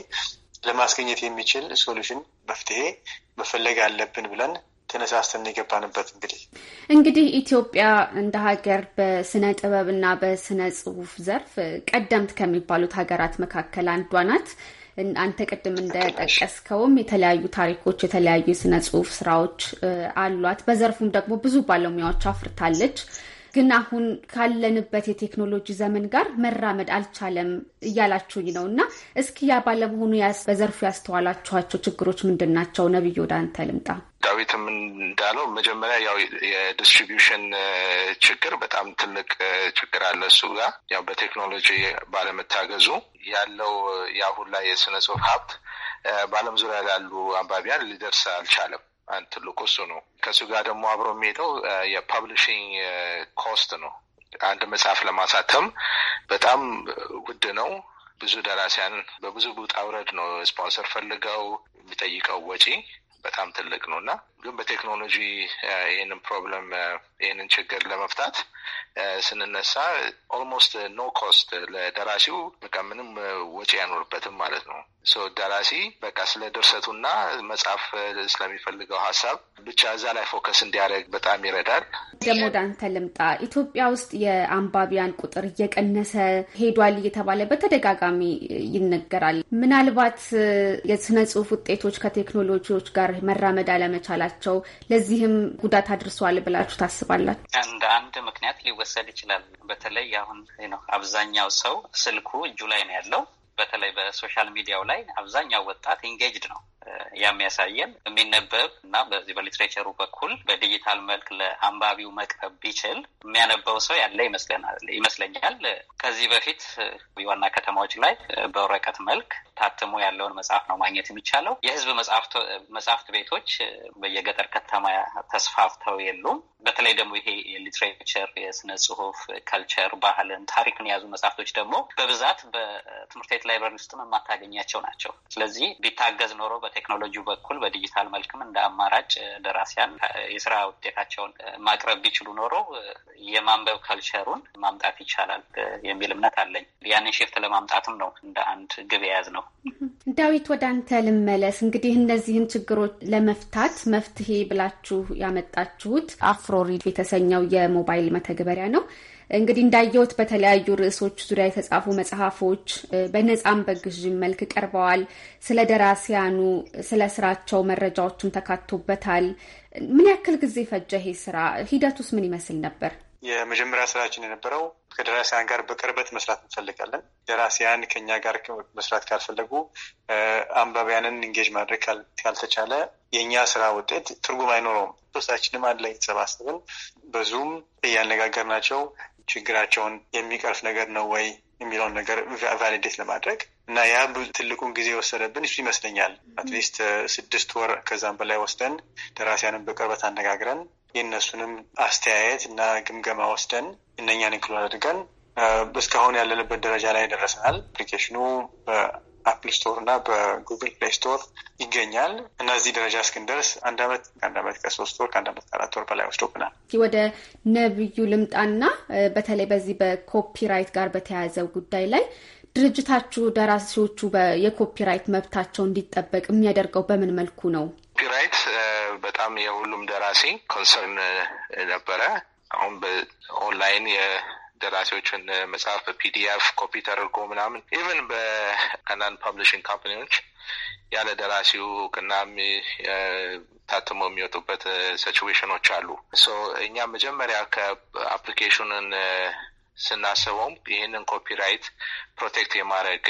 ለማስገኘት የሚችል ሶሉሽን መፍትሄ መፈለግ አለብን ብለን ተነሳስተን የገባንበት እንግዲህ እንግዲህ ኢትዮጵያ እንደ ሀገር በስነ ጥበብ ና በስነ ጽሁፍ ዘርፍ ቀደምት ከሚባሉት ሀገራት መካከል አንዷ ናት። አንተ ቅድም እንደጠቀስከውም የተለያዩ ታሪኮች፣ የተለያዩ የስነ ጽሁፍ ስራዎች አሏት። በዘርፉም ደግሞ ብዙ ባለሙያዎች አፍርታለች። ግን አሁን ካለንበት የቴክኖሎጂ ዘመን ጋር መራመድ አልቻለም እያላችሁኝ ነው እና እስኪ ያ ባለመሆኑ በዘርፉ ያስተዋላችኋቸው ችግሮች ምንድን ናቸው? ነብዬ ወደ አንተ ልምጣ። ዳዊትም እንዳለው መጀመሪያ ያው የዲስትሪቢሽን ችግር በጣም ትልቅ ችግር አለ። እሱ ጋር ያው በቴክኖሎጂ ባለመታገዙ ያለው የአሁን ላይ የስነ ጽሁፍ ሀብት በዓለም ዙሪያ ላሉ አንባቢያን ሊደርስ አልቻለም። ትልቁ እሱ ነው። ከሱ ጋር ደግሞ አብሮ የሚሄደው የፐብሊሽንግ ኮስት ነው። አንድ መጽሐፍ ለማሳተም በጣም ውድ ነው። ብዙ ደራሲያን በብዙ ውጣ ውረድ ነው ስፖንሰር ፈልገው የሚጠይቀው ወጪ በጣም ትልቅ ነው እና ግን በቴክኖሎጂ ይህንን ፕሮብለም ይህንን ችግር ለመፍታት ስንነሳ ኦልሞስት ኖ ኮስት ለደራሲው በቃ ምንም ወጪ አይኖርበትም ማለት ነው። ደራሲ በቃ ስለ ድርሰቱና መጽሐፍ ስለሚፈልገው ሀሳብ ብቻ እዛ ላይ ፎከስ እንዲያደርግ በጣም ይረዳል። ደግሞ ዳንተ ልምጣ። ኢትዮጵያ ውስጥ የአንባቢያን ቁጥር እየቀነሰ ሄዷል እየተባለ በተደጋጋሚ ይነገራል። ምናልባት የስነ ጽሁፍ ውጤቶች ከቴክኖሎጂዎች ጋር መራመድ አለመቻላቸው ለዚህም ጉዳት አድርሰዋል ብላችሁ ታስባላችሁ? እንደ አንድ ምክንያት ሊወ ሊወሰድ ይችላል። በተለይ አሁን ነው አብዛኛው ሰው ስልኩ እጁ ላይ ነው ያለው። በተለይ በሶሻል ሚዲያው ላይ አብዛኛው ወጣት ኢንጌጅድ ነው። የሚያሳየን የሚነበብ እና በዚህ በሊትሬቸሩ በኩል በዲጂታል መልክ ለአንባቢው መቅረብ ቢችል የሚያነበው ሰው ያለ ይመስለኛል። ከዚህ በፊት ዋና ከተማዎች ላይ በወረቀት መልክ ታትሞ ያለውን መጽሐፍ ነው ማግኘት የሚቻለው። የህዝብ መጽሐፍት ቤቶች በየገጠር ከተማ ተስፋፍተው የሉም። በተለይ ደግሞ ይሄ የሊትሬቸር የስነ ጽሁፍ፣ ከልቸር፣ ባህልን፣ ታሪክን የያዙ መጽሐፍቶች ደግሞ በብዛት በትምህርት ቤት ላይብረሪ ውስጥ የማታገኛቸው ናቸው። ስለዚህ ቢታገዝ ኖሮ በቴክኖሎጂ በኩል በዲጂታል መልክም እንደ አማራጭ ደራሲያን የስራ ውጤታቸውን ማቅረብ ቢችሉ ኖሮ የማንበብ ካልቸሩን ማምጣት ይቻላል የሚል እምነት አለኝ። ያንን ሽፍት ለማምጣትም ነው እንደ አንድ ግብ የያዝ ነው። ዳዊት ወደ አንተ ልመለስ። እንግዲህ እነዚህን ችግሮች ለመፍታት መፍትሄ ብላችሁ ያመጣችሁት አፍሮሪድ የተሰኘው የሞባይል መተግበሪያ ነው። እንግዲህ እንዳየሁት በተለያዩ ርዕሶች ዙሪያ የተጻፉ መጽሐፎች በነፃም በግዥም መልክ ቀርበዋል። ስለ ደራሲያኑ፣ ስለ ስራቸው መረጃዎችም ተካቶበታል። ምን ያክል ጊዜ ፈጀ ይሄ ስራ? ሂደቱስ ምን ይመስል ነበር? የመጀመሪያ ስራችን የነበረው ከደራሲያን ጋር በቅርበት መስራት እንፈልጋለን። ደራሲያን ከኛ ጋር መስራት ካልፈለጉ፣ አንባቢያንን እንጌጅ ማድረግ ካልተቻለ የእኛ ስራ ውጤት ትርጉም አይኖረውም። ሶስታችንም አንድ ላይ የተሰባሰብን በዙም እያነጋገርናቸው ችግራቸውን የሚቀርፍ ነገር ነው ወይ የሚለውን ነገር ቫሊዴት ለማድረግ እና ያ ትልቁን ጊዜ የወሰደብን እሱ ይመስለኛል። አትሊስት ስድስት ወር ከዛም በላይ ወስደን ደራሲያንን በቅርበት አነጋግረን የእነሱንም አስተያየት እና ግምገማ ወስደን እነኛን ኢንክሉድ አድርገን እስካሁን ያለንበት ደረጃ ላይ ደረሰናል። አፕሊኬሽኑ በአፕል ስቶር እና በጉግል ፕሌይ ስቶር ይገኛል እና እዚህ ደረጃ እስክንደርስ አንድ አመት ከአንድ አመት ከሶስት ወር ከአንድ አመት ከአራት ወር በላይ ወስዶብናል። ወደ ነብዩ ልምጣና በተለይ በዚህ በኮፒራይት ጋር በተያያዘው ጉዳይ ላይ ድርጅታችሁ ደራሲዎቹ የኮፒራይት መብታቸው እንዲጠበቅ የሚያደርገው በምን መልኩ ነው? ኮፒራይት uh, በጣም የሁሉም ደራሲ ኮንሰርን uh, ነበረ። አሁን በኦንላይን የደራሲዎችን uh, መጽሐፍ በፒዲኤፍ ኮፒ ተደርጎ ምናምን ኢቨን በከናን ፐብሊሽንግ ካምፓኒዎች ያለ ደራሲው እውቅና ታትሞ የሚወጡበት ሲችዌሽኖች አሉ። እኛ መጀመሪያ ከአፕሊኬሽኑን ስናስበውም ይህንን ኮፒራይት ፕሮቴክት የማድረግ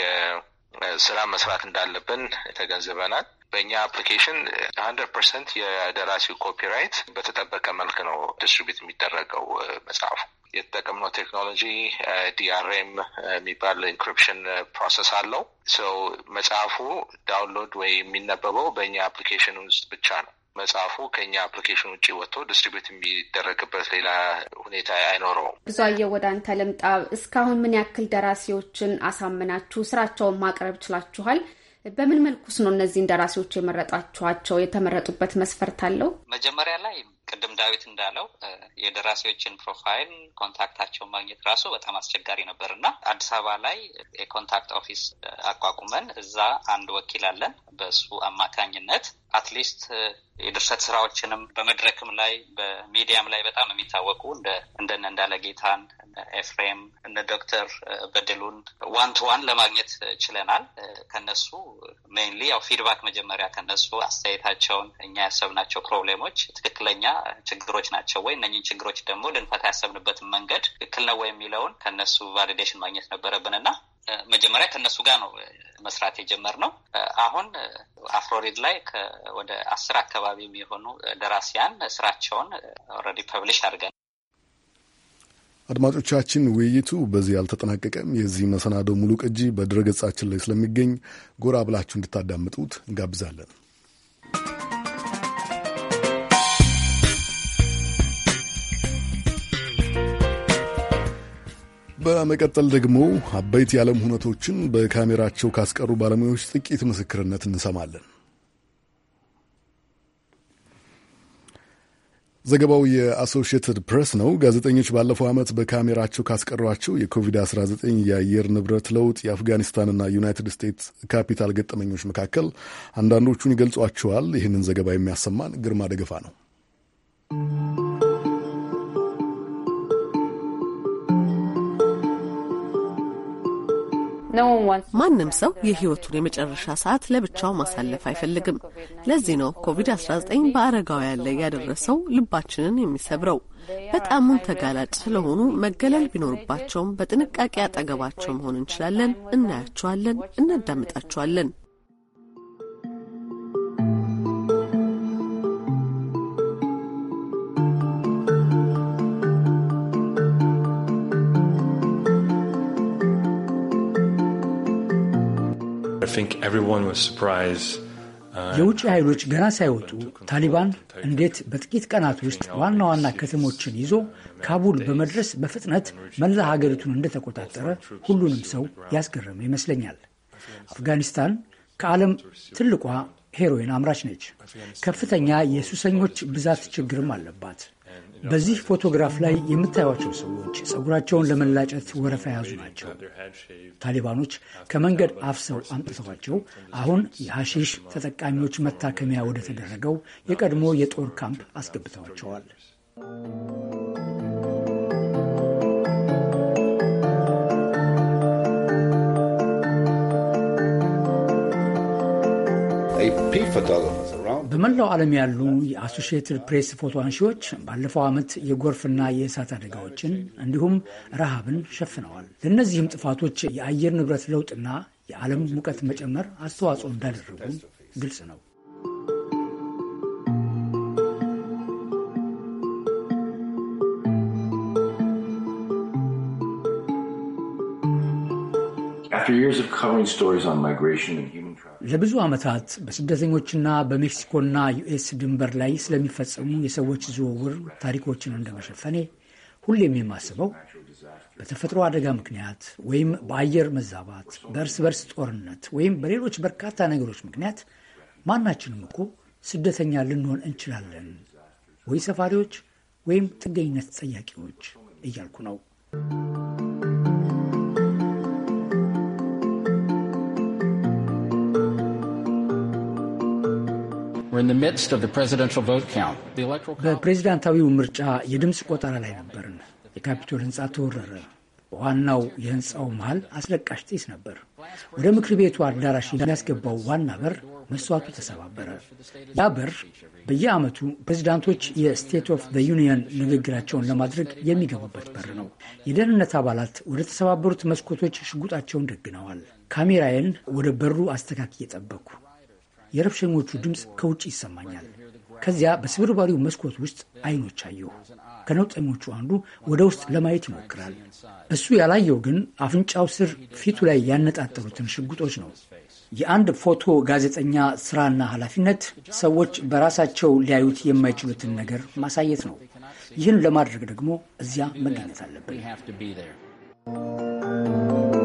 ስራ መስራት እንዳለብን ተገንዝበናል። በእኛ አፕሊኬሽን ሀንድረድ ፐርሰንት የደራሲው ኮፒራይት በተጠበቀ መልክ ነው ዲስትሪቢዩት የሚደረገው መጽሐፉ። የተጠቀምነው ቴክኖሎጂ ዲአርኤም የሚባል ኢንክሪፕሽን ፕሮሰስ አለው። ሰው መጽሐፉ ዳውንሎድ ወይ የሚነበበው በእኛ አፕሊኬሽን ውስጥ ብቻ ነው። መጽሐፉ ከኛ አፕሊኬሽን ውጭ ወጥቶ ዲስትሪቢዩት የሚደረግበት ሌላ ሁኔታ አይኖረውም። ብዙአየሁ ወደ አንተ ልምጣ። እስካሁን ምን ያክል ደራሲዎችን አሳምናችሁ ስራቸውን ማቅረብ ችላችኋል? በምን መልኩስ ነው እነዚህ እንደራሴዎች የመረጣችኋቸው? የተመረጡበት መስፈርት አለው? መጀመሪያ ላይ ቅድም ዳዊት እንዳለው የደራሲዎችን ፕሮፋይል ኮንታክታቸውን ማግኘት ራሱ በጣም አስቸጋሪ ነበር እና አዲስ አበባ ላይ የኮንታክት ኦፊስ አቋቁመን እዛ አንድ ወኪል አለን። በእሱ አማካኝነት አትሊስት የድርሰት ስራዎችንም በመድረክም ላይ በሚዲያም ላይ በጣም የሚታወቁ እንደነ እንዳለ ጌታን፣ ኤፍሬም፣ እነ ዶክተር በድሉን ዋን ቱ ዋን ለማግኘት ችለናል። ከነሱ ሜይንሊ ያው ፊድባክ መጀመሪያ ከነሱ አስተያየታቸውን እኛ ያሰብናቸው ፕሮብሌሞች ትክክለኛ ችግሮች ናቸው ወይ፣ እነኝን ችግሮች ደግሞ ልንፈታ ያሰብንበትን መንገድ ትክክል ነው ወይ የሚለውን ከነሱ ቫሊዴሽን ማግኘት ነበረብን እና መጀመሪያ ከእነሱ ጋር ነው መስራት የጀመርነው። አሁን አፍሮሪድ ላይ ወደ አስር አካባቢ የሚሆኑ ደራሲያን ስራቸውን ኦልሬዲ ፐብሊሽ አድርገን አድማጮቻችን፣ ውይይቱ በዚህ አልተጠናቀቀም። የዚህ መሰናዶ ሙሉ ቅጂ በድረገጻችን ላይ ስለሚገኝ ጎራ ብላችሁ እንድታዳምጡት እንጋብዛለን። በመቀጠል ደግሞ አበይት የዓለም ሁነቶችን በካሜራቸው ካስቀሩ ባለሙያዎች ጥቂት ምስክርነት እንሰማለን። ዘገባው የአሶሺየትድ ፕሬስ ነው። ጋዜጠኞች ባለፈው ዓመት በካሜራቸው ካስቀሯቸው የኮቪድ-19 የአየር ንብረት ለውጥ የአፍጋኒስታንና ዩናይትድ ስቴትስ ካፒታል ገጠመኞች መካከል አንዳንዶቹን ይገልጿቸዋል። ይህንን ዘገባ የሚያሰማን ግርማ ደገፋ ነው። ማንም ሰው የህይወቱን የመጨረሻ ሰዓት ለብቻው ማሳለፍ አይፈልግም። ለዚህ ነው ኮቪድ-19 በአረጋውያን ላይ ያደረሰው ልባችንን የሚሰብረው። በጣሙን ተጋላጭ ስለሆኑ መገለል ቢኖርባቸውም በጥንቃቄ አጠገባቸው መሆን እንችላለን፣ እናያቸዋለን፣ እናዳምጣቸዋለን። Uh, የውጭ ኃይሎች ገና ሳይወጡ ታሊባን እንዴት በጥቂት ቀናት ውስጥ ዋና ዋና ከተሞችን ይዞ ካቡል በመድረስ በፍጥነት መላ ሀገሪቱን እንደተቆጣጠረ ሁሉንም ሰው ያስገረመ ይመስለኛል። አፍጋኒስታን ከዓለም ትልቋ ሄሮይን አምራች ነች። ከፍተኛ የሱሰኞች ብዛት ችግርም አለባት። በዚህ ፎቶግራፍ ላይ የምታዩቸው ሰዎች ጸጉራቸውን ለመላጨት ወረፋ የያዙ ናቸው። ታሊባኖች ከመንገድ አፍሰው አምጥተዋቸው አሁን የሐሺሽ ተጠቃሚዎች መታከሚያ ወደ ተደረገው የቀድሞ የጦር ካምፕ አስገብተዋቸዋል። በመላው ዓለም ያሉ የአሶሽትድ ፕሬስ ፎቶ አንሺዎች ባለፈው ዓመት የጎርፍና የእሳት አደጋዎችን እንዲሁም ረሃብን ሸፍነዋል። ለእነዚህም ጥፋቶች የአየር ንብረት ለውጥና የዓለም ሙቀት መጨመር አስተዋጽኦ እንዳደረጉ ግልጽ ነው። After years of covering stories on migration and ለብዙ ዓመታት በስደተኞችና በሜክሲኮና ዩኤስ ድንበር ላይ ስለሚፈጸሙ የሰዎች ዝውውር ታሪኮችን እንደመሸፈኔ ሁሌም የማስበው በተፈጥሮ አደጋ ምክንያት ወይም በአየር መዛባት፣ በእርስ በርስ ጦርነት ወይም በሌሎች በርካታ ነገሮች ምክንያት ማናችንም እኮ ስደተኛ ልንሆን እንችላለን፣ ወይ ሰፋሪዎች ወይም ጥገኝነት ጠያቂዎች እያልኩ ነው። በፕሬዚዳንታዊው ምርጫ የድምፅ ቆጠራ ላይ ነበርን። የካፒቶል ህንፃ ተወረረ። በዋናው የህንፃው መሃል አስለቃሽ ጢስ ነበር። ወደ ምክር ቤቱ አዳራሽ የሚያስገባው ዋና በር መስዋዕቱ ተሰባበረ። ያ በር በየዓመቱ ፕሬዚዳንቶች የስቴት ኦፍ ዘ ዩኒየን ንግግራቸውን ለማድረግ የሚገቡበት በር ነው። የደህንነት አባላት ወደ ተሰባበሩት መስኮቶች ሽጉጣቸውን ደግነዋል። ካሜራዬን ወደ በሩ አስተካክዬ ጠበቅኩ። የረብሸኞቹ ድምፅ ከውጭ ይሰማኛል። ከዚያ በስብርባሪው መስኮት ውስጥ አይኖች አየሁ። ከነውጠኞቹ አንዱ ወደ ውስጥ ለማየት ይሞክራል። እሱ ያላየው ግን አፍንጫው ስር ፊቱ ላይ ያነጣጠሩትን ሽጉጦች ነው። የአንድ ፎቶ ጋዜጠኛ ስራና ኃላፊነት ሰዎች በራሳቸው ሊያዩት የማይችሉትን ነገር ማሳየት ነው። ይህን ለማድረግ ደግሞ እዚያ መገኘት አለብን።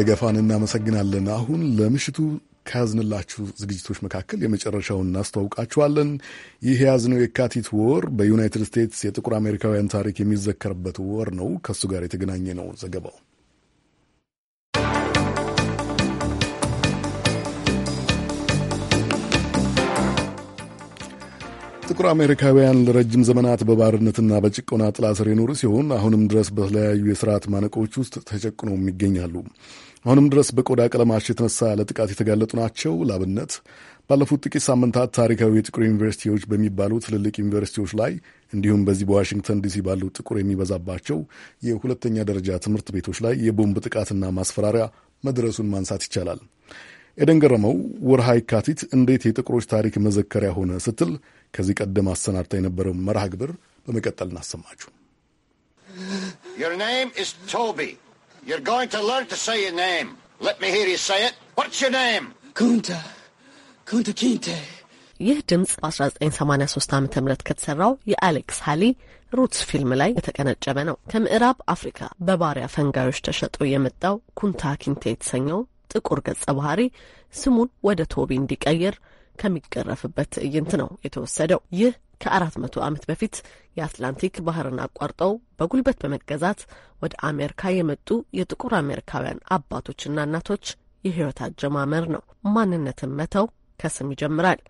ደገፋን እናመሰግናለን። አሁን ለምሽቱ ከያዝንላችሁ ዝግጅቶች መካከል የመጨረሻውን እናስተዋውቃችኋለን። ይህ የያዝነው የካቲት ወር በዩናይትድ ስቴትስ የጥቁር አሜሪካውያን ታሪክ የሚዘከርበት ወር ነው። ከእሱ ጋር የተገናኘ ነው ዘገባው። ጥቁር አሜሪካውያን ለረጅም ዘመናት በባርነትና በጭቆና ጥላ ስር የኖሩ ሲሆን አሁንም ድረስ በተለያዩ የስርዓት ማነቆች ውስጥ ተጨቁኖም ይገኛሉ። አሁንም ድረስ በቆዳ ቀለማቸው የተነሳ ለጥቃት የተጋለጡ ናቸው። ላብነት ባለፉት ጥቂት ሳምንታት ታሪካዊ የጥቁር ዩኒቨርሲቲዎች በሚባሉ ትልልቅ ዩኒቨርሲቲዎች ላይ እንዲሁም በዚህ በዋሽንግተን ዲሲ ባሉ ጥቁር የሚበዛባቸው የሁለተኛ ደረጃ ትምህርት ቤቶች ላይ የቦምብ ጥቃትና ማስፈራሪያ መድረሱን ማንሳት ይቻላል። ኤደን ገረመው ወርሃ የካቲት እንዴት የጥቁሮች ታሪክ መዘከሪያ ሆነ ስትል ከዚህ ቀደም አሰናድታ የነበረው መርሃ ግብር በመቀጠል እናሰማችሁ። You're going to learn to say your name. Let me hear you say it. What's your name? Kunta. Kunta Kinte. ይህ ድምፅ በ1983 ዓ ም ከተሰራው የአሌክስ ሃሊ ሩትስ ፊልም ላይ የተቀነጨበ ነው። ከምዕራብ አፍሪካ በባሪያ ፈንጋዮች ተሸጦ የመጣው ኩንታ ኪንቴ የተሰኘው ጥቁር ገጸ ባህሪ ስሙን ወደ ቶቢ እንዲቀይር ከሚገረፍበት ትዕይንት ነው የተወሰደው። ይህ ከአራት መቶ ዓመት በፊት የአትላንቲክ ባህርን አቋርጠው በጉልበት በመገዛት ወደ አሜሪካ የመጡ የጥቁር አሜሪካውያን አባቶችና እናቶች የህይወት አጀማመር ነው። ማንነትን መተው ከስም ይጀምራል።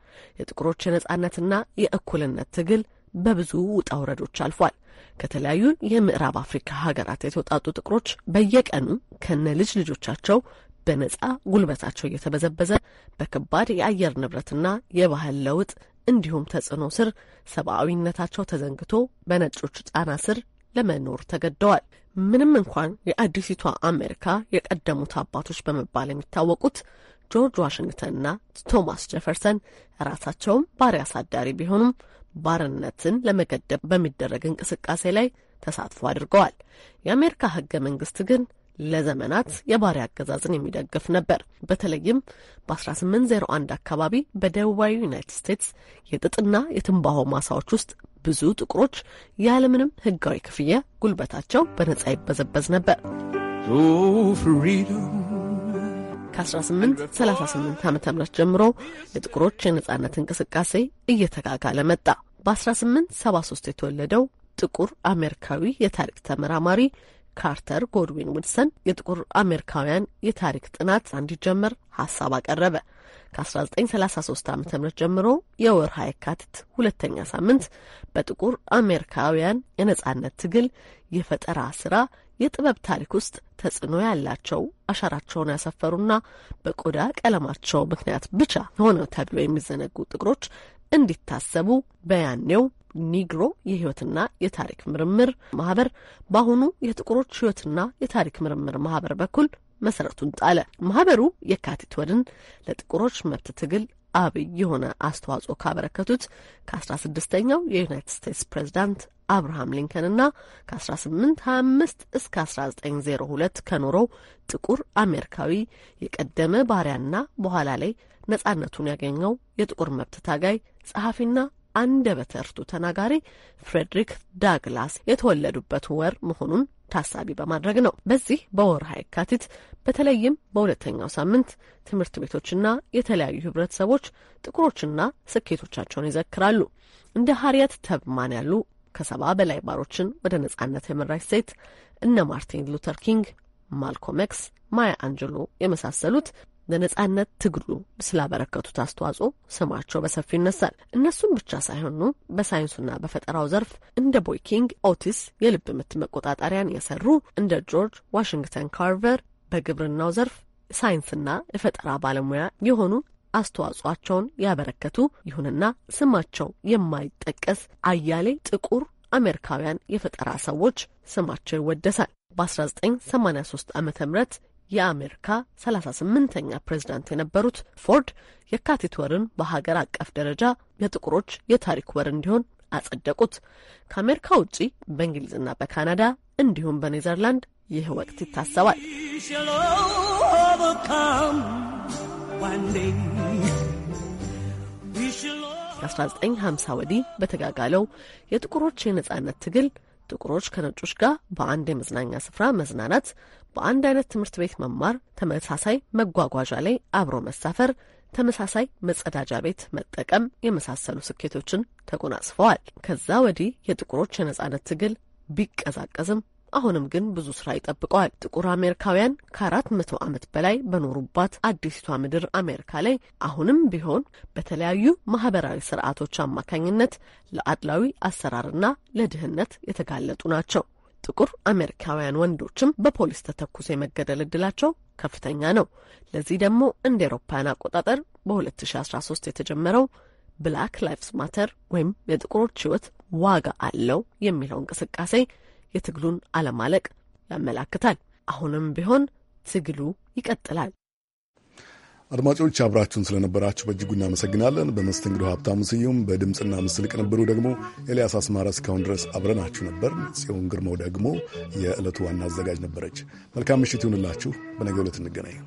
የጥቁሮች የነጻነትና የእኩልነት ትግል በብዙ ውጣ ውረዶች አልፏል። ከተለያዩ የምዕራብ አፍሪካ ሀገራት የተውጣጡ ጥቁሮች በየቀኑ ከነ ልጅ ልጆቻቸው በነጻ ጉልበታቸው እየተበዘበዘ በከባድ የአየር ንብረትና የባህል ለውጥ እንዲሁም ተጽዕኖ ስር ሰብአዊነታቸው ተዘንግቶ በነጮች ጫና ስር ለመኖር ተገደዋል። ምንም እንኳን የአዲሲቷ አሜሪካ የቀደሙት አባቶች በመባል የሚታወቁት ጆርጅ ዋሽንግተንና ቶማስ ጀፈርሰን ራሳቸውም ባሪያ አሳዳሪ ቢሆኑም ባርነትን ለመገደብ በሚደረግ እንቅስቃሴ ላይ ተሳትፎ አድርገዋል። የአሜሪካ ህገ መንግስት ግን ለዘመናት የባሪያ አገዛዝን የሚደግፍ ነበር። በተለይም በ1801 አካባቢ በደቡባዊ ዩናይትድ ስቴትስ የጥጥና የትንባሆ ማሳዎች ውስጥ ብዙ ጥቁሮች ያለምንም ሕጋዊ ክፍያ ጉልበታቸው በነጻ ይበዘበዝ ነበር። ከ1838 ዓ ም ጀምሮ የጥቁሮች የነጻነት እንቅስቃሴ እየተጋጋለ መጣ። በ1873 የተወለደው ጥቁር አሜሪካዊ የታሪክ ተመራማሪ ካርተር ጎድዊን ውድሰን የጥቁር አሜሪካውያን የታሪክ ጥናት እንዲጀመር ሀሳብ አቀረበ። ከ1933 ዓ ም ጀምሮ የወርሃ የካቲት ሁለተኛ ሳምንት በጥቁር አሜሪካውያን የነጻነት ትግል፣ የፈጠራ ስራ፣ የጥበብ ታሪክ ውስጥ ተጽዕኖ ያላቸው አሻራቸውን ያሰፈሩና በቆዳ ቀለማቸው ምክንያት ብቻ ሆነው ተብሎ የሚዘነጉ ጥቁሮች እንዲታሰቡ በያኔው ኒግሮ የህይወትና የታሪክ ምርምር ማህበር በአሁኑ የጥቁሮች ህይወትና የታሪክ ምርምር ማህበር በኩል መሰረቱን ጣለ። ማህበሩ የካቲት ወድን ለጥቁሮች መብት ትግል አብይ የሆነ አስተዋጽኦ ካበረከቱት ከአስራ ስድስተኛው የዩናይትድ ስቴትስ ፕሬዚዳንት አብርሃም ሊንከንና ከ1825 እስከ 1902 ከኖረው ጥቁር አሜሪካዊ የቀደመ ባሪያና በኋላ ላይ ነጻነቱን ያገኘው የጥቁር መብት ታጋይ ጸሐፊና አንደበተ ርቱዕ ተናጋሪ ፍሬድሪክ ዳግላስ የተወለዱበት ወር መሆኑን ታሳቢ በማድረግ ነው። በዚህ በወርሃ የካቲት በተለይም በሁለተኛው ሳምንት ትምህርት ቤቶችና የተለያዩ ህብረተሰቦች ጥቁሮችና ስኬቶቻቸውን ይዘክራሉ። እንደ ሀሪየት ተብማን ያሉ ከሰባ በላይ ባሮችን ወደ ነጻነት የመራች ሴት እነ ማርቲን ሉተር ኪንግ፣ ማልኮም ኤክስ፣ ማያ አንጀሎ የመሳሰሉት ለነጻነት ትግሉ ስላበረከቱት አስተዋጽኦ ስማቸው በሰፊው ይነሳል። እነሱም ብቻ ሳይሆኑ በሳይንሱና በፈጠራው ዘርፍ እንደ ቦይኪንግ ኦቲስ የልብ ምት መቆጣጠሪያን የሰሩ እንደ ጆርጅ ዋሽንግተን ካርቨር በግብርናው ዘርፍ ሳይንስና የፈጠራ ባለሙያ የሆኑ አስተዋጽኦቸውን ያበረከቱ ይሁንና ስማቸው የማይጠቀስ አያሌ ጥቁር አሜሪካውያን የፈጠራ ሰዎች ስማቸው ይወደሳል። በ1983 ዓ ም የአሜሪካ 38ኛ ፕሬዝዳንት የነበሩት ፎርድ የካቲት ወርን በሀገር አቀፍ ደረጃ የጥቁሮች የታሪክ ወር እንዲሆን አጸደቁት። ከአሜሪካ ውጪ በእንግሊዝና በካናዳ እንዲሁም በኔዘርላንድ ይህ ወቅት ይታሰባል። ከ1950 ወዲህ በተጋጋለው የጥቁሮች የነጻነት ትግል ጥቁሮች ከነጮች ጋር በአንድ የመዝናኛ ስፍራ መዝናናት በአንድ አይነት ትምህርት ቤት መማር፣ ተመሳሳይ መጓጓዣ ላይ አብሮ መሳፈር፣ ተመሳሳይ መጸዳጃ ቤት መጠቀም የመሳሰሉ ስኬቶችን ተጎናጽፈዋል። ከዛ ወዲህ የጥቁሮች የነጻነት ትግል ቢቀዛቀዝም አሁንም ግን ብዙ ስራ ይጠብቀዋል። ጥቁር አሜሪካውያን ከአራት መቶ ዓመት በላይ በኖሩባት አዲስቷ ምድር አሜሪካ ላይ አሁንም ቢሆን በተለያዩ ማህበራዊ ስርዓቶች አማካኝነት ለአድላዊ አሰራርና ለድህነት የተጋለጡ ናቸው። ጥቁር አሜሪካውያን ወንዶችም በፖሊስ ተተኩሶ የመገደል እድላቸው ከፍተኛ ነው። ለዚህ ደግሞ እንደ ኤሮፓውያን አቆጣጠር በ2013 የተጀመረው ብላክ ላይፍስ ማተር ወይም የጥቁሮች ሕይወት ዋጋ አለው የሚለው እንቅስቃሴ የትግሉን አለማለቅ ያመላክታል። አሁንም ቢሆን ትግሉ ይቀጥላል። አድማጮች አብራችሁን ስለነበራችሁ በእጅጉ እናመሰግናለን። በመስተንግዶ ሀብታሙ ስዩም፣ በድምፅና ምስል ቅንብሩ ደግሞ ኤልያስ አስማራ። እስካሁን ድረስ አብረናችሁ ነበር። ጽዮን ግርማው ደግሞ የዕለቱ ዋና አዘጋጅ ነበረች። መልካም ምሽት ይሁንላችሁ። በነገ ዕለት እንገናኝ።